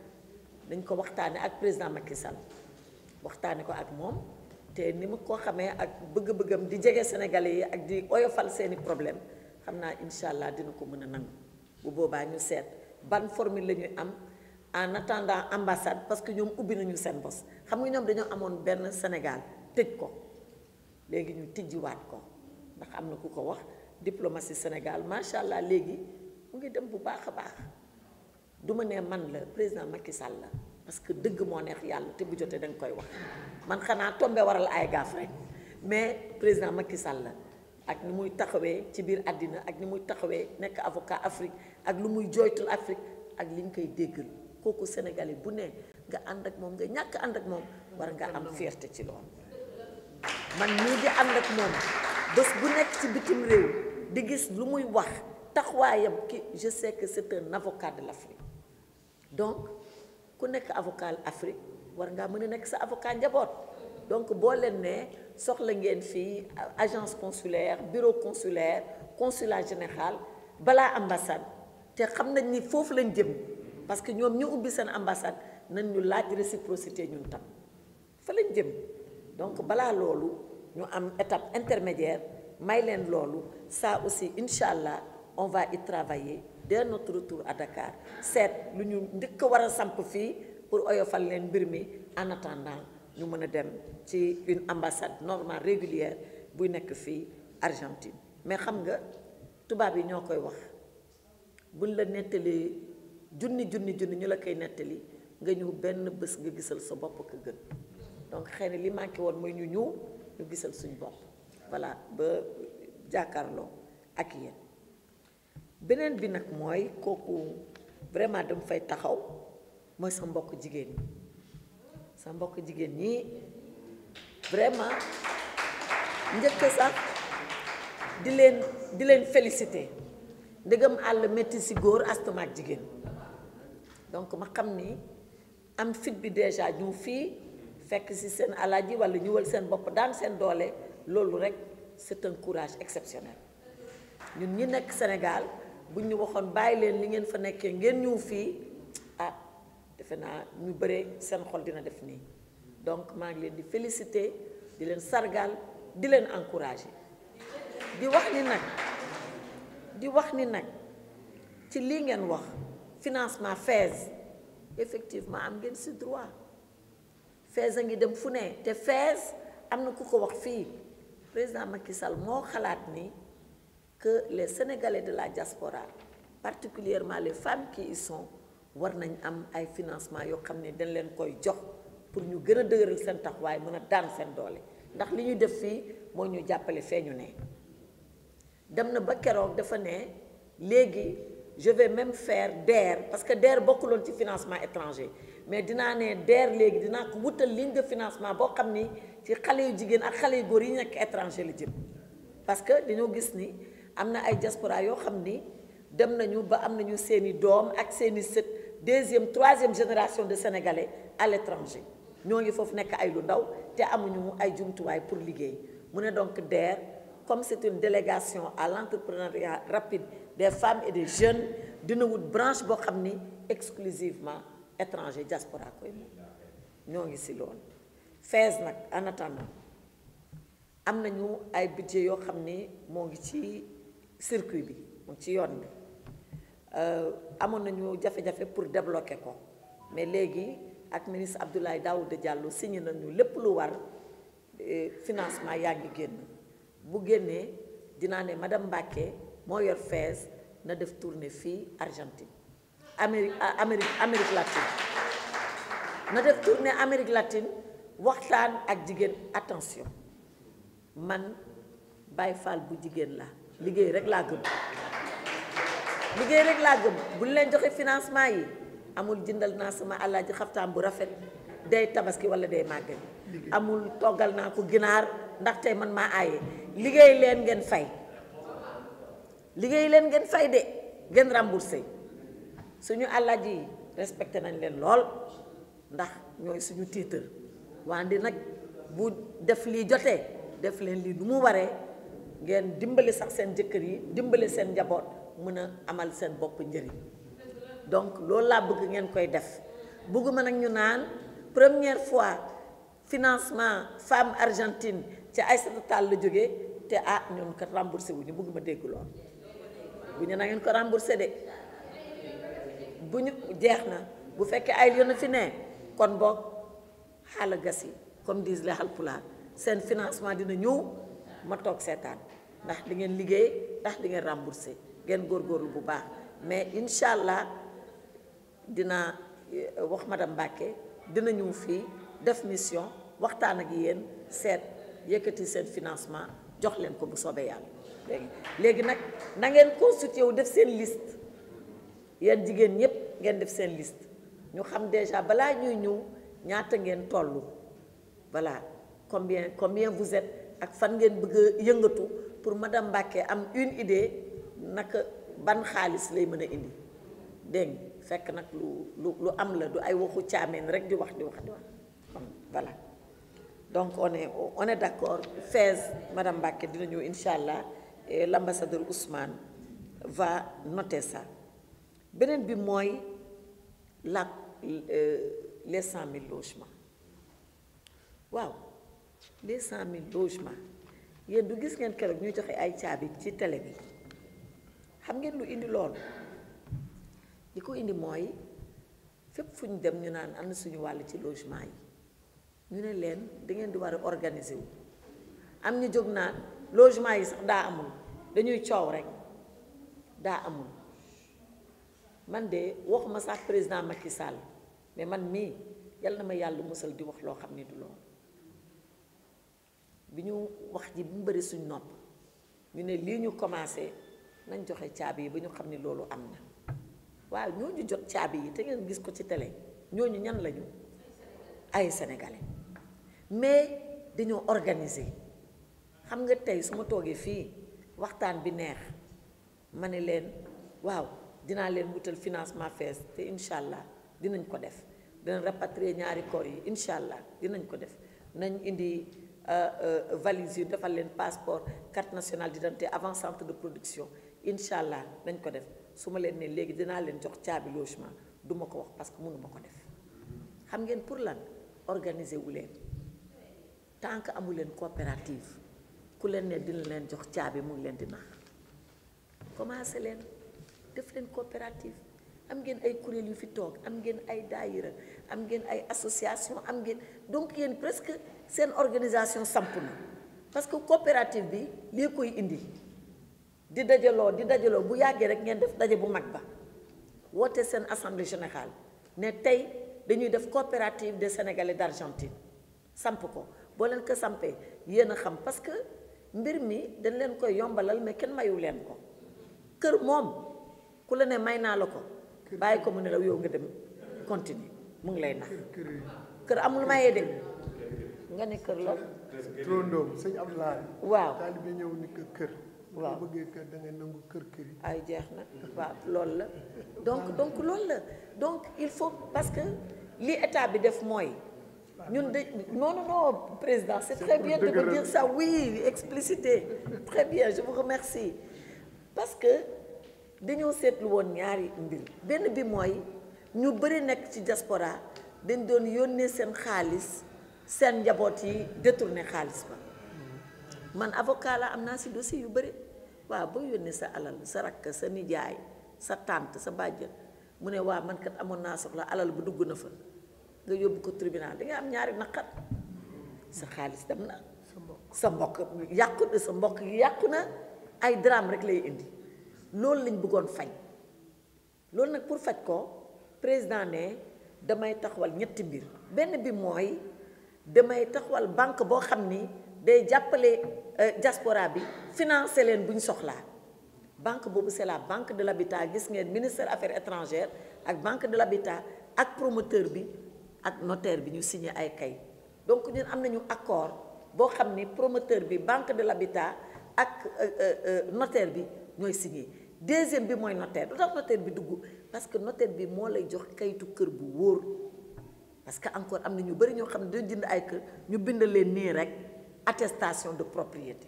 dañ ko waxtaane ak président Macky Sall waxtaane ko ak moom te ni mu ko xamee ak bëgg-bëggam di jege Sénégalais yi ak di oyofal seeni problème xam naa incha allah dina ko mën a nangu. bu boobaa ñu seet ban formule la ñuy am en attendant ambassade parce que ñoom ubbi nañu seen bos xam nga ñoom dañoo amoon benn Sénégal tëj ko léegi ñu tijjiwaat ko ndax am na ku ko wax diplomatie Sénégal macha allah léegi mu ngi dem bu baax a baax du ma ne man la président Macky Sall la parce que dëgg moo neex yàlla te bu jotee dañ koy wax man xanaa tombé waral ay gaaf rek mais président Macky Sall la ak ni muy taxawee ci biir àddina ak ni muy taxawee nekk avocat Afrique. ak lu muy jooytul Afrique ak li ñu koy déggal kooku sénégalais bu ne nga ànd ak moom nga ñàkk ànd ak moom war nga am fierté ci loolu man mii di ànd ak moom bés bu nekk ci bitim réew di gis lu muy wax taxawaayam ki je sais que c'est un avocat de l'Afrique donc ku nekk avocat Afrique war ngaa mën a nekk sa avocat njaboot donc boo leen ne soxla ngeen fii agence consulaire bureau consulaire consulat général balaa ambassade te xam nañ ni foofu lañ jëm parce que ñoom ñu ubbi seen ambassade nañ ñu laaj réciprocité ñun tam fa lañ jëm donc balaa loolu ñu am étape intermédiaire may leen loolu saa aussi incha allah on va y travailler dès notre retour à Dakar seet lu ñu ndëkk a war a samp fii pour oyofal leen mbir mi en attendant ñu mën a dem ci une ambassade normale régulière buy nekk fii Argentine mais xam nga tubaab yi ñoo koy wax. buñ la nettalee junni junni junni ñu la koy nettali nga ñëw benn bés nga gisal sa bopp ko gën donc xëy na li manqué woon mooy ñu ñëw ñu gisal suñ bopp voilà ba jàkkaarloo ak yéen beneen bi nag mooy kooku vraiment dama fay taxaw mooy sa mbokk jigéen ñi sa mbokk jigéen ñi vraiment njëkk sax di leen di leen félicité ndegam àll métti si góor astamaak jigéen donc ma xam ni am fit bi déjà ñu fii fekk si seen alaaji wala ñëwal seen bopp daan seen doole loolu rek c'est un courage exceptionnel ñun ñi nekk Sénégal bu ñu waxoon bàyyi leen li ngeen fa nekkee ngeen ñëw fii ah defe naa ñu bëre seen xol dina def nii donc maa ngi leen di féliciter di leen sargal di leen encourager di wax ni nag di wax ni nag ci lii ngeen wax financement FAISE effectivement am ngeen si droit FAISE a ngi dem fu ne te FAISE am na ku ko wax fii président Macky Sall moo xalaat ni que les Sénégalais de la diaspora particulièrement les femmes qui y war nañ am ay financement yoo xam ne dañ leen koy jox pour ñu gën a dëgëral seen tax waaye mën a daan seen doole ndax li ñu def fii moo ñu jàppale feeñu ñu ne dem na ba keroog dafa ne léegi je même faire DER parce que DER bokkuloon ci financement étranger mais dinaa ne DER léegi dina wutal ligne de financement boo xam ni ci xale yu jigéen ak xale yu góor yi nekk étranger la jëm parce que dañoo gis ni am na ay diaspora yoo xam ni dem nañu ba am nañu seeni doom ak seeni sët deuxième troisième génération de sénégalais à l'étranger ñoo ngi foofu nekk ay lu ndaw te amuñu ay jumtuwaay pour liggéey mu ne donc DER. comme c'est une délégation à l'entrepreneuriat rapide des femmes et des jeunes dina wut branche boo xam ni exclusivement étranger diaspora koy moom ñoo ngi si loolu fees nag en attendant am nañu ay budget yoo xam ni moo ngi ci circuit bi moo ngi ci yoon bi euh, amoon nañu jafe-jafe pour débloquer ko mais léegi ak ministre Abdoulaye de jàll signé nañu lépp lu war financement yaa ngi génn bu génnee dinaa ne madame Mbacke moo yor fees na def tournée fii Argentine Amérique ah, Amérique Amérique latine na def tournée Amérique latine waxtaan ak jigéen attention man Baye Fall bu jigéen la liggéey rek laa gëm liggéey rek laa gëm bu ñu leen joxe financement yi amul jëndal naa sama àllaaji xaftaan bu rafet day tabaski wala day màggal amul toggal naa ko ginaar ndax tey man maa aaye liggéey leen ngeen fay liggéey leen ngeen fay de ngeen remboursé suñu àllaaj yi respecté nañ leen lool ndax ñooy suñu titre wante nag bu def lii jotee def leen lii lu mu waree ngeen dimbali sax seen jëkkër yi dimbali seen njaboot mën a amal seen bopp njëriñ donc loolu laa bëgg ngeen koy def bëgguma nag ñu naan première fois financement femme argentine ci ay Tall la jóge te ah ñun kat remboursé wu ñu bëgguma dégg lool bu ñu na ngeen ko remboursé de bu ñu jeex na bu fekkee ay yoon fi ne kon boog xaala gas yi comme disent les Halpulaar seen financement dina ñëw ma toog seetaan ndax li ngeen liggéey ndax di ngeen remboursé ngeen góorgóorlu bu baax mais incha allah dina eh, wax madame Mbacke dina ñëw fii def mission waxtaan ak yéen seet. yëkkati seen financement jox leen ko bu soobee yàlla léegi léegi nag na ngeen constitué wu def seen liste yéen jigéen ñëpp ngeen def seen liste ñu xam déjà balaa ñuy ñëw ñaata ngeen tollu voilà combien combien vous êtes ak fan ngeen bëgg yëngatu pour ma madame Mbacké am une idée naka ban xaalis lay mën a indi dégg fekk nag lu lu lu am la du ay waxu caameen rek di wax di wax di wax voilà donc on est on est d'accord Fès madame Mbacké dina ñëw incha allah et l'ambassadeur Ousmane va noter ça beneen bi mooy la euh, les cent mille waaw les cent mille logements yéen du gis ngeen keroog ñuy joxe ay caabi ci télé bi xam ngeen lu indi loolu li ko indi mooy fépp fu ñu dem ñu naan am na suñu wàll ci logement yi. ñu ne leen da ngeen di war a organiser wu am ñu jóg naan logement yi sax daa amul dañuy coow rek daa amul man de waxuma sax président Macky Sall mais man mii yal na ma yàlla musal di wax loo xam ne du lool bi ñu wax ji bu mu bari suñ nopp ñu ne lii ñu commencé nañ joxe caabi yi ba ñu xam ne loolu am na waaw ñooñu jot caabi yi te ngeen gis ko ci tele ñooñu ñan lañu ay sénégalais mais dañoo organiser xam nga tey su ma toogee fii waxtaan bi neex ma ne leen waaw dinaa leen wutal financement fees te incha allah dinañ ko def dinañ rapatrier ñaari corps yi incha allah dinañ ko def nañ indi euh, euh, valise yu defal leen passeport carte nationale d'identité avant centre de production incha allah nañ ko def su ma leen ne léegi dinaa leen jox caabi logement duma ko wax parce que mënuma ko def xam ngeen pour lan organiser wu leen tant que amu leen coopérative ku leen ne dina leen jox caabi mu ngi leen di nax commencé leen def leen coopérative am ngeen ay kuréel yu fi toog am ngeen ay daayira am ngeen ay association am ngeen donc yéen presque seen organisation samp na parce que coopérative bi lii koy indi di dajaloo di dajaloo bu yàggee rek ngeen def daje bu mag ba woote seen assemblée général ne tey dañuy def coopérative des sénégalais d'Argentine samp ko boo leen ko sampee yéen xam parce que mbir mi dañ leen koy yombalal mais kenn mayu leen ko kër moom ku la ne may naa la ko bàyyi ko mu ne la yow nga dem continue mu ngi lay nax kër amul mayee de nga ne kër la sëñ Abdoulaye waaw daal bi ñëw ni ko kër kër da ngay kër kër yi ay jeex na waaw loolu la donc donc loolu la donc il faut parce que li état bi def mooy ñun de non non non président c'est très bien de me dire ça oui explicité très bien je vous remercie parce que dañoo seetlu woon ñaari mbir benn bi mooy ñu bëri nekk ci diaspora dañ doon yónnee seen xaalis seen njaboot yi détourné xaalis ba man avocat la am naa si dossier yu bëri waaw boo yónnee sa alal sa rakk sa nijaay sa tante sa bàjjen mu ne waa man kat amoon naa soxla alal bu dugg na fa nga yóbbu ko tribunal di nga am ñaari naqar sa xaalis dem na sa mbokk yàqu sa mbokk yàqu na ay drame rek lay indi loolu lañ bëggoon faj loolu nag pour faj ko président ne damay taxawal ñetti mbir benn bi mooy damay taxawal banque boo xam ni day jàppale euh, diaspora bi financer leen bu ñu soxlaa banque boobu c'est la banque de l'habitat gis ngeen ministère affaires étrangères ak banque de l'habitat ak promoteur bi ak notaire bi ñu signé ay kay donc ñun am nañu accord boo xam ni promoteur bi banque de l'habitat ak euh, euh, euh, notaire bi ñooy signé deuxième bi mooy notaire lu tax notaire bi dugg parce que notaire bi moo lay jox kayitu kër bu wóor parce que encore am na ñu bari ñoo xam ne dañu jënd ay kër ñu bind leen nii rek attestation de propriété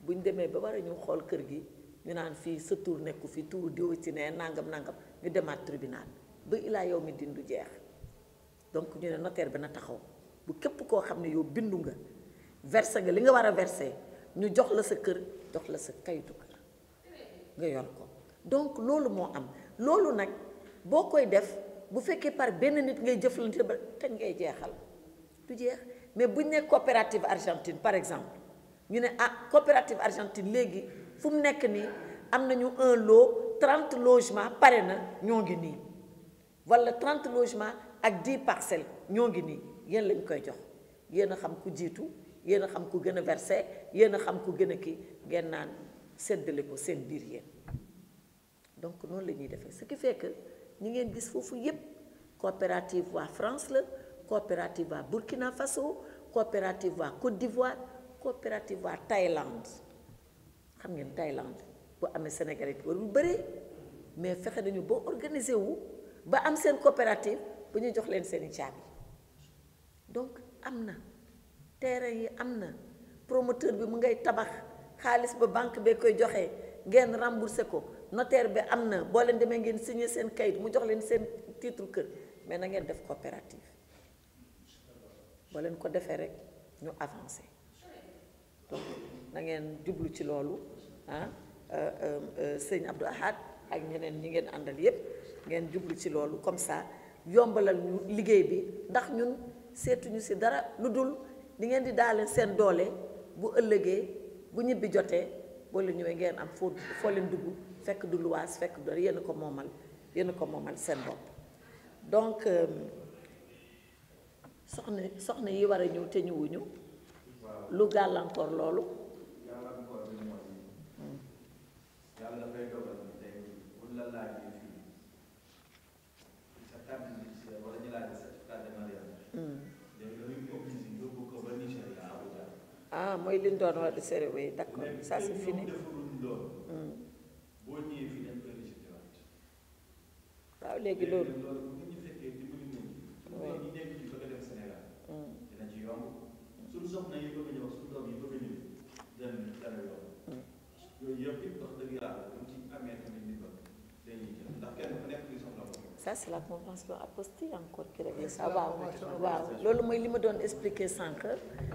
bu demee ba war a ñu xool kër gi ñu naan fii sa tur nekku fi turu diw ci ne nangam nangam ñu demaat tribunal ba ilaa yow mi dindu jeex donc ñu ne notaire bi na taxaw bu képp koo xam ne yow bindu nga verse nga li nga war a verse ñu jox la sa kër jox la sa kayitu kër nga yor ko donc loolu moo am loolu nag boo koy def bu fekkee par benn nit ngay jëflante ba te ngay jeexal du jeex mais bu ñu ne coopérative argentine par exemple ñu ne ah coopérative argentine léegi fu mu nekk nii am nañu un lot 30 logements pare na ñoo ngi nii wala 30 logements ak di parcelles ñoo ngi nii yéen lañ koy jox yéen xam ku jiitu yéen a xam ku gën a versé yéen a xam ku gën a kii ngeen naan seddale ko seen biir yéen donc noonu la ñuy defee ce qui fait que ñi ngeen gis foofu yépp coopérative waa France la coopérative waa Burkina Faso coopérative waa Côte d'Ivoire coopérative waa Thaïlande xam ngeen Thaïlande bu amee Sénégal it warul bëree mais fexe nañu boo organiser wu ba am seen coopérative bu ñu jox leen seeni i caabi donc am na terrain yi am na promoteur bi mu ngay tabax xaalis ba banque bee koy joxe ngeen remboursé ko notaire bi am na boo leen demee ngeen signé seen kayit mu jox leen seen titre kër mais na ngeen def coopérative boo leen ko defee rek ñu avancé donc na ngeen jublu ci loolu ah euh, euh, euh, sëñ Abdou Ahad ak ñeneen ñi ngeen àndal yépp ngeen jublu ci loolu comme sa yombalal ñu liggéey bi ndax ñun seetuñu si dara lu dul di ngeen di daale seen doole bu ëllëgee bu ñibbi jotee boo leen ngeen am foo foo leen dugg fekk du luwaas fekk du dara yéen ko moomal yéen ko moomal seen bopp donc euh, soxna yi war ñëw te ñëwuñu lu gàllankoor loolu carte d'identité wala ñu laaj waaw léegi loolu loolu a dem Sénégal. a ñëw suñu doom yi a ñëw dana dana ça c'est la convention apostille encore qui règle ah, ça waaw waaw loolu mooy li ma doon expliquer sànq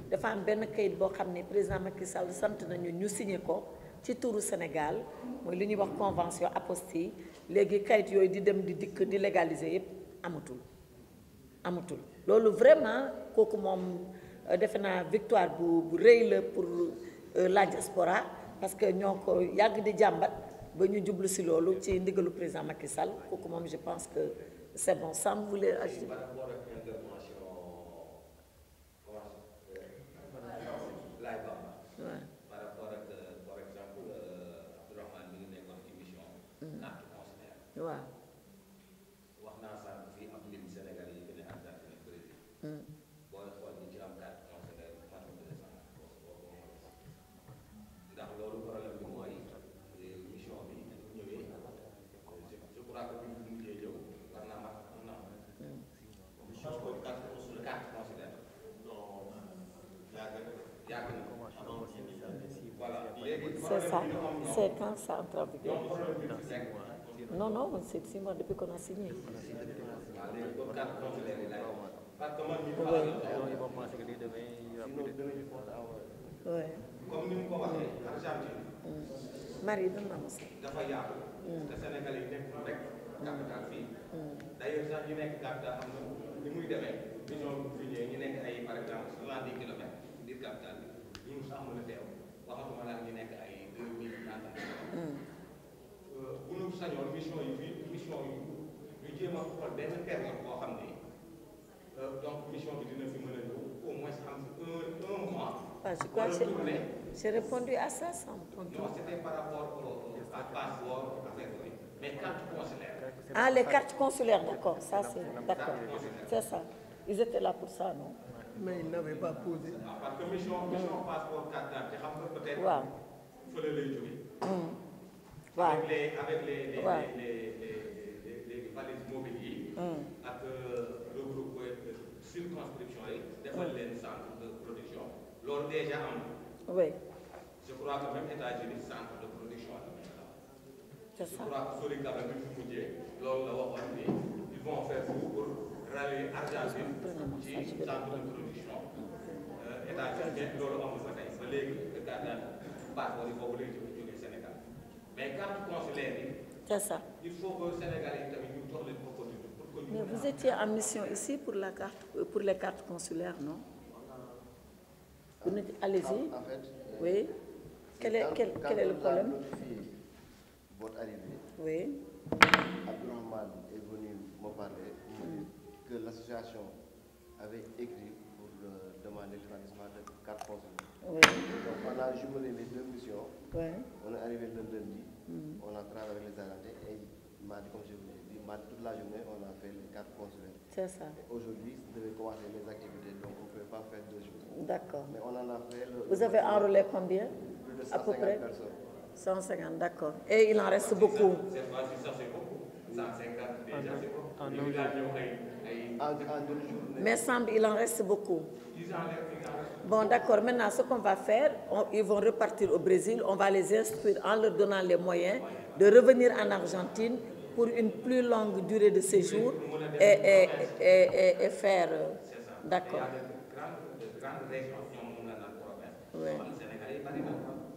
dafa am benn kayit boo xam ne président Macky Sall sant nañu ñu signé ko ci turu Sénégal mooy li ñuy wax convention apostille léegi kayit yooyu di dem di dikk di légaliser yépp amatul amatul loolu vraiment kooku moom euh, defe naa victoire bu bu la pour euh, la diaspora parce que ñoo ko yàgg di jàmbat ba ñu jublu si loolu ci ndigalu président Macky Sall kooku moom je pense que c'est bon ça mu voulait agir c'est quand ça entre en vigueur non non c'est six mois depuis qu'on a signé oui comme ni mu ko waxee Argentine Marie dama am sax dafa yaatu te Sénégal yi nekk rek capital fii d'ailleurs sax ñu nekk capital am na ni muy demee ñu ñoom fi ñëwee ñu nekk ay par exemple soixante-dix kilomètres biir capital bi ñu sax mën a teew waxatuma laa ñu nekk ay deux mille nangam. bu nu sañoon mission yu mission yu ñu jéem a xool benn période boo xam ne donc mission bi dina fi mën a ñëw au moins am un un mois. parce que quoi j'ai répondu à ça sans problème. non c'était par rapport au à passeport affaire yooyu mais carte consulaire. ah les cartes consulaires d'accord ça c'est d'accord c'est ça ils étaient là pour ça non. mais ils n'avaient pas posé. parce que mission mission passeport carte d'identité xam nga peut-être. waaw. fële lay jógee. Mm. waaw avec les avec les les les les valises mobiles yi. Mm. ak le euh, groupe circonscription yi. defal mm. leen centre de production loolu déjà am na. oui. je crois que même États-Unis centre de production la ñu la. c'est ça je crois que Sori Kaba bi mu mujjee loolu la waxoon ni ils vont faire tout pour rallier Argentine ci centre de production euh, États-Unis loolu amul ba tey ba léegi gàttal. base wala boobu léegi tamit jógee Sénégal pour vous étiez en mission ici pour la carte euh, pour les cartes consulaires non. bu nit allez-y en fait. Euh, oui. quel est quel quel est le problème. votre arrivée. oui. Abdourahmane est venu me parler. que l'association avait écrit pour demander l'établissement de carte consulaire. Oui. Donc on a jumelé les deux missions. Ouais. On est arrivé le lundi, mm -hmm. on a travaillé les Arandais et mardi, comme je vous l'ai dit, mardi toute la journée, on a fait les quatre consulaires. C'est ça. Aujourd'hui, vous devez commencer les activités, donc on ne pouvait pas faire deux jours. D'accord. Mais on en a fait le, Vous avez enrôlé combien Plus de 150 à il en reste beaucoup. C'est pas il en reste beaucoup. Bon, d'accord. Maintenant, ce qu'on va faire, on, ils vont repartir au Brésil. On va les instruire en leur donnant les moyens de revenir en Argentine pour une plus longue durée de séjour et, et, faire... Euh, d'accord. Oui.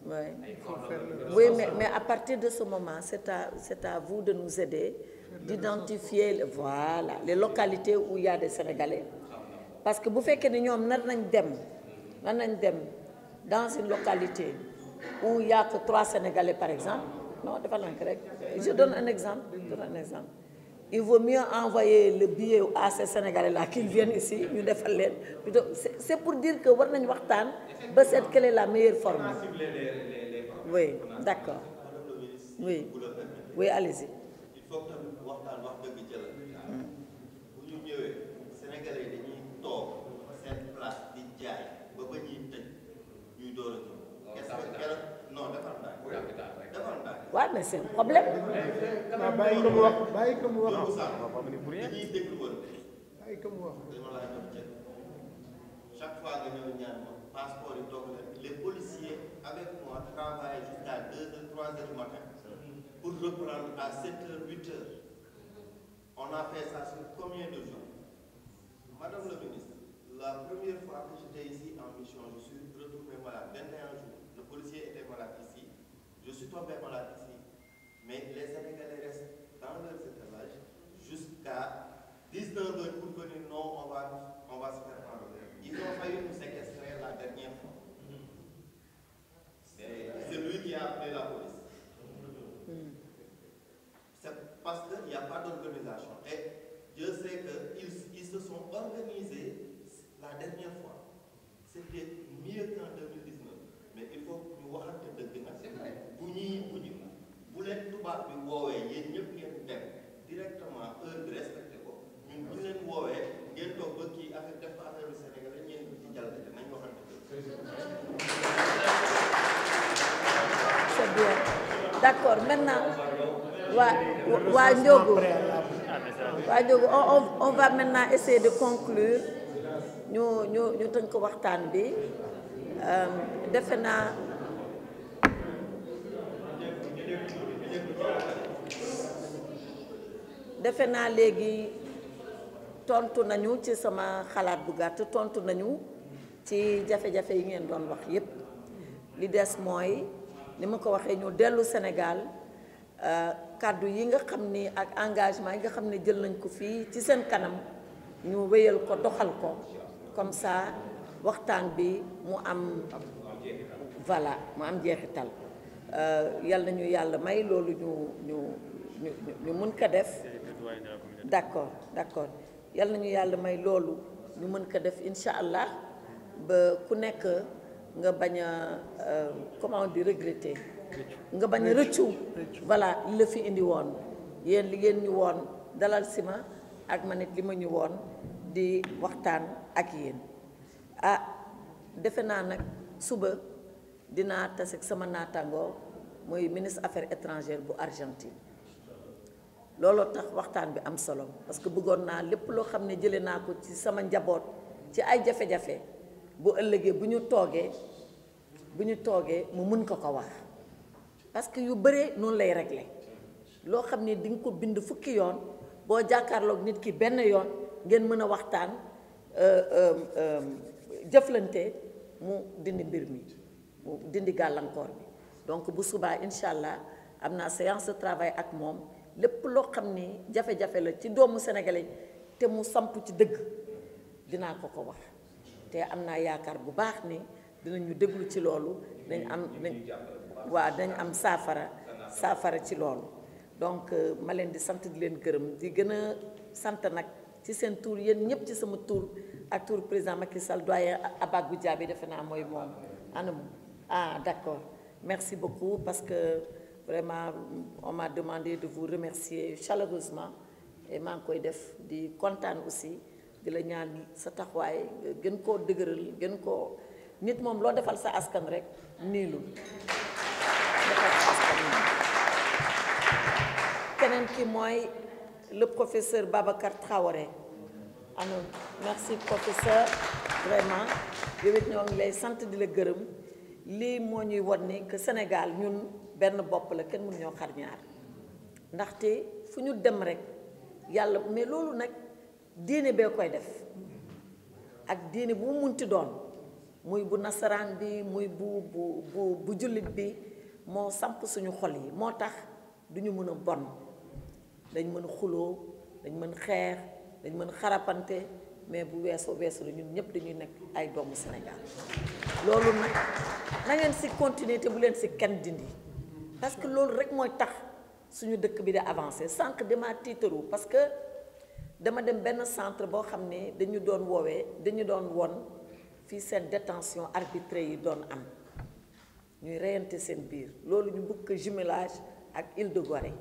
Oui. oui, mais, mais à partir de ce moment, c'est à, c'est à vous de nous aider, d'identifier voilà, les localités où y a des Sénégalais. Parce que vous faites que nous dem danañ dem dans une localité où il y a que trois Sénégalais par exemple non dafa lank rek je donne un exemple je donne un exemple il vaut mieux envoyer le billet à ces Sénégalais là qu'ils viennent ici ñu defal leen plutôt c'est pour dire que war nañ waxtaan ba seet quelle est la meilleure forme oui d'accord oui oui allez waaw mais c'est un problème. bàyyi ko mu wax bàyyi ko mu wax. bàyyi ko mu wax. chaque fois nga ñëw ñaan ma passeport yi toog leen les policiers avec moi travaillent jusqu'à deux heures trois heures du matin pour reprendre à sept heures huit heures on a fait ça sur combien de jours madame la ministre la première fois que j'étais ici en mission je suis retourné malade vingt et un jours monsieur était malade ici, je suis tombé malade ici. Mais les Sénégalais restent dans leur village jusqu'à 19 heures pour que nous, non, on va, on va se faire enlever. Ils ont failli nous séquestrer la dernière fois. C'est lui qui a appelé la police. C'est parce qu'il n'y a pas d'organisation. Et je sais qu'ils ils se sont organisés la dernière fois. C'était mieux qu'en 2010. ko c'est bien d'accord maintenant waa waa Ndiogu waa Ndiogu on on va maintenant essayer de conclure ñu ñu tënk waxtaan bi Euh, defe naa defe naa léegi tontu nañu ci sama xalaat bu gàtt tontu nañu ci jafe-jafe yi ngeen doon wax yépp li des mooy ni ma ko waxee ñu dellu Sénégal euh, kàddu yi nga xam ni ak engagement yi nga xam ne jël nañ ko fii ci seen kanam ñu wéyal ko doxal ko comme ça waxtaan bi mu am voilà mu am jeexital euh, yal na ñu yàlla may loolu ñu ñu ñu ñu mën ko def d'accord d'accord yal na ñu yàlla may loolu ñu mën ko def incha allah ba ku nekk nga bañ a euh, comment on dit regretter nga bañ a rëccu voilà li la fi indi woon yéen li ngeen ñu woon dalal si ma ak ma nit li ma ñu woon di waxtaan ak yéen ah defe naa nag suba dinaa tase ak sama naataangoo mooy ministre affaire étrangères bu Argentine looloo tax waxtaan bi am solo parce que bëggoon naa lépp loo xam ne jëlee naa ko ci sama njaboot ci ay jafe-jafe bu ëllëgee bu ñu toogee bu ñu toogee mu mën ko ko wax parce que yu bëree noonu lay régler loo xam ne di nga ko bind fukki yoon boo jàkkaarloog nit ki benn yoon ngeen mën a waxtaan. Euh, euh, euh, jëflante mu dindi mbir mi mu dindi gàllankoor bi donc bu subaa incha allah am naa séance de travail ak moom lépp loo xam ni jafe-jafe la ci doomu sénégalais te mu samp ci dëgg dinaa ko ko wax te am naa yaakaar bu baax ni dinañu déglu ci loolu dañ am dañ waaw dañ am saafara saafara ci loolu donc euh, ma leen di sant di leen gërëm di gën a sant nag ci seen tour yéen ñëpp ci sama tour ak tour président Macky Sall doyen Abagou bi defe naa mooy moom anam ah d'accord merci beaucoup parce que vraiment on de vous remercier chaleureusement maa ngi koy def di kontaan aussi di la ñaan sa taxawaay gën koo dëgëral gën koo nit moom loo defal sa askan rek niilul defal keneen ki mooy le professeur Babacar Traoré alors merci professeur vraiment yow it ñoo lay sant di la gërëm lii moo ñuy won ni que Sénégal ñun benn bopp la kenn mënu ñoo xar ñaar ndaxte fu ñu dem rek yàlla mais loolu nag diine bee koy def ak diine bu mu munti doon muy bu nasaraan bi muy bu bu bu bu jullit bi moo samp suñu xol yi moo tax duñu ñu mën a bon dañ mën xuloo dañ mën xeer dañ mën xarapante mais bu weesoo weesu la ñun ñëpp dañuy nekk ay doomu Sénégal loolu nag na si continuer te bu leen si kenn dindi parce que loolu rek mooy tax suñu dëkk bi di avancé sànq damaa tiitaru parce que dama dem benn centre boo xam ne dañu doon woowee dañu doon won fii seen détention arbitrée yi doon am ñuy reyante seen biir loolu ñu bëgg ko jumelage ak Île de gore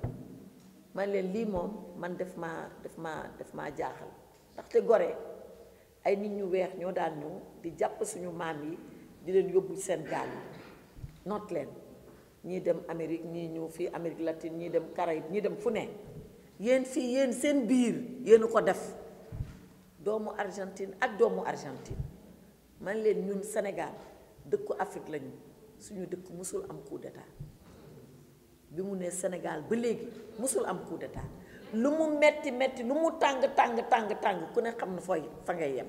man leen lii moom man def ma def ma def maa jaaxal ndaxte gore ay nit ñu weex ñoo daan ñëw di jàpp suñu maam yi di leen yóbbu seen gaal noot leen ñii dem amerique ñii ñëw fii Amérique latine ñii dem Caraïbes ñii dem fu ne yéen fii yéen seen biir yéen ko def doomu Argentine ak doomu Argentine man leen ñun senegaal dëkku Afrique lañu suñu dëkk musul am coup bi mu nee Sénégal ba léegi mosul am coup d'état lu mu metti metti lu mu tàng tàng tàng tàng ku ne xam na fooy fa ngay yem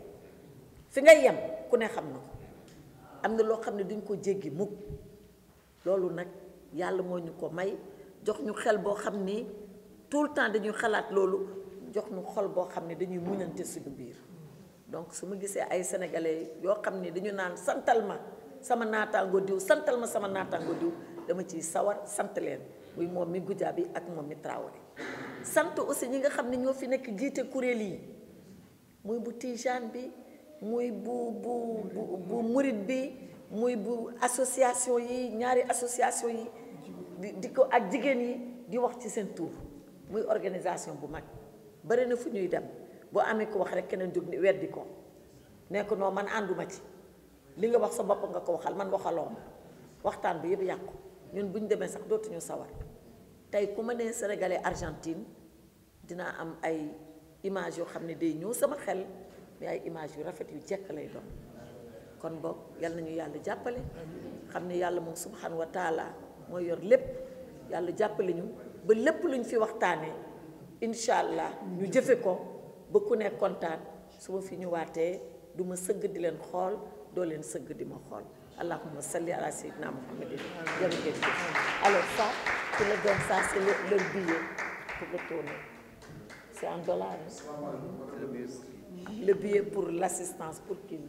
fi nga yem ku ne xam na ko am na loo xam ne duñ ko jéggi mukk loolu nag yàlla moo ñu ko may jox ñu xel boo xam ni tout le temps dañuy xalaat loolu jox ñu xol boo xam ne dañuy muñante suñu biir donc su ma gisee ay sénégalais yoo xam ne dañu naan santal ma sama naataango diw santal ma sama naataango diw dama ciy sawar sant leen muy moom mi Goudiaby bi ak moom mi Traoré sant aussi ñi nga xam ne ñoo fi nekk jiite kuréel yi muy bu tijaan bi muy bu bu bu murit bi muy bu association yi ñaari association yi di di ko ak jigéen yi di wax ci seen tuur muy organisation bu mag bëri na fu ñuy dem boo amee ko wax rek keneen jóg ni weddi ko ne ko man ànduma ci li nga wax sa bopp nga ko waxal man waxaloo waxtaan bi yëpp yàqu ñun bu ñu demee sax dootuñu sawar tey ku ma nee sénégalais argentine dina am ay image yoo xam ne day ñëw sama xel mais ay image yu rafet yu jekk lay doon kon boog yal nañu yàlla jàppale xam ne yàlla moom subhanahu wa taala mooy yor lépp yàlla jàppale ñu ba lépp lu ñu fi waxtaanee incha allah ñu jëfe ko ba ku nekk kontaan su ma fi ñëwaatee du ma sëgg di leen xool doo leen sëgg di ma xool allahumma salli ala sayyidina Muhammadin alors ça tu le donnes ça c'est leur billet pour retourner c'est en dollar le billet pour l'assistance pour qu'ils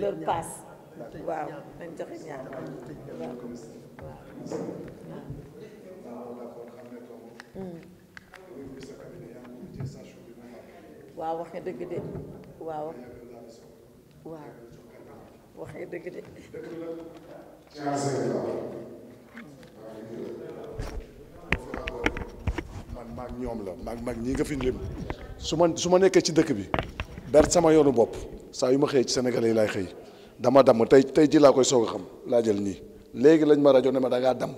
leur passe waaw nañ joxe ñaar waaw waaw waaw waaw wax nga dëgg de. ñoom la maag maag ñii nga fi lim su ma su ma nekkee ci dëkk bi ber sama yoonu bopp saa yu ma xëyee ci Sénégalais yi laay xëy dama damm tey tey ji laa koy soog a xam laa jël nii léegi lañ ma rajo ne ma da ngaa damm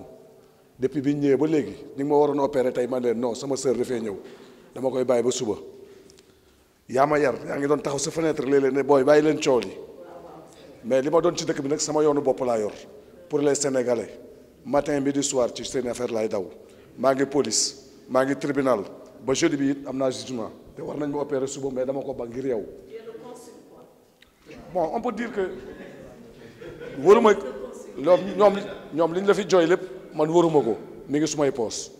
depuis bi ñu ñëwee ba léegi ñu ngi ma waroon opéré tey man leen non sama sœur dafee ñëw dama koy bàyyi ba suba yaa ma yar yaa ngi doon taxaw sa fenêtre léeg-léeg ne booy bàyyi leen coow yi mais li ma doon ci dëkk bi nag sama yoonu bopp laa yor pour les sénégalais matin bi di soir ci seen affaire laay daw maa ngi police maa ngi tribunal ba jeudi bi it am naa jugement te nañ ma opérer suba dama ko ba ngir yow bon on peut ñoom ñoom li ñu jooy lépp man waruma ko mi ngi sumay poos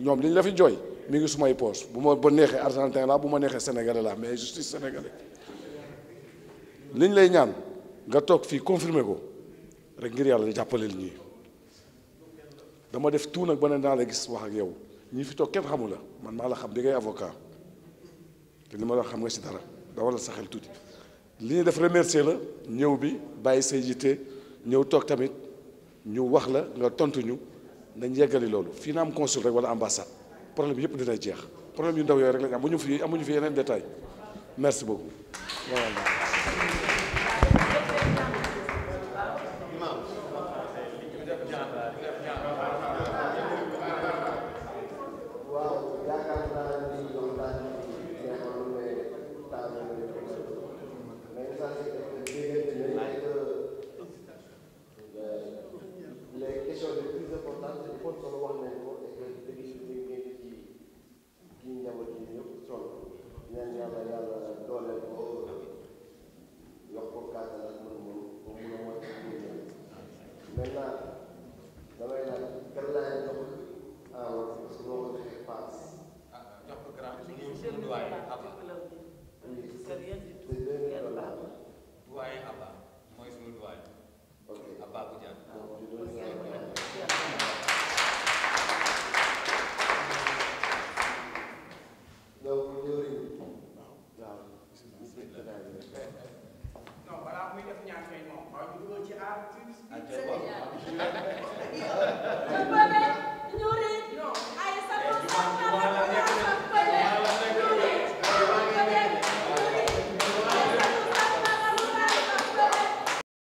ñoom li ñu la mi ngi sumay poos bu ma ba neexee argentin la bu ma neexee sénégalais mais justice sénégalais liñ lay ñaan nga toog fii confirmer ko rek ngir yàlla jàppale jàppaleel ñii dama def tout nag ba ne naa la gis wax ak yow ñi fi toog kenn xamu la man maa la xam di ngay avocat te li ma la xam nga si dara dawalal sa xel tuuti li ñuy def remercier la ñëw bi bàyyi say yitte ñëw toog tamit ñu wax la nga tontu ñu nañ yeggali loolu fii na am consul rek wala ambassade problème yëpp dina jeex problème yu ndaw yooyu rek lañ am fi amuñu fi yeneen détail merci beaucoup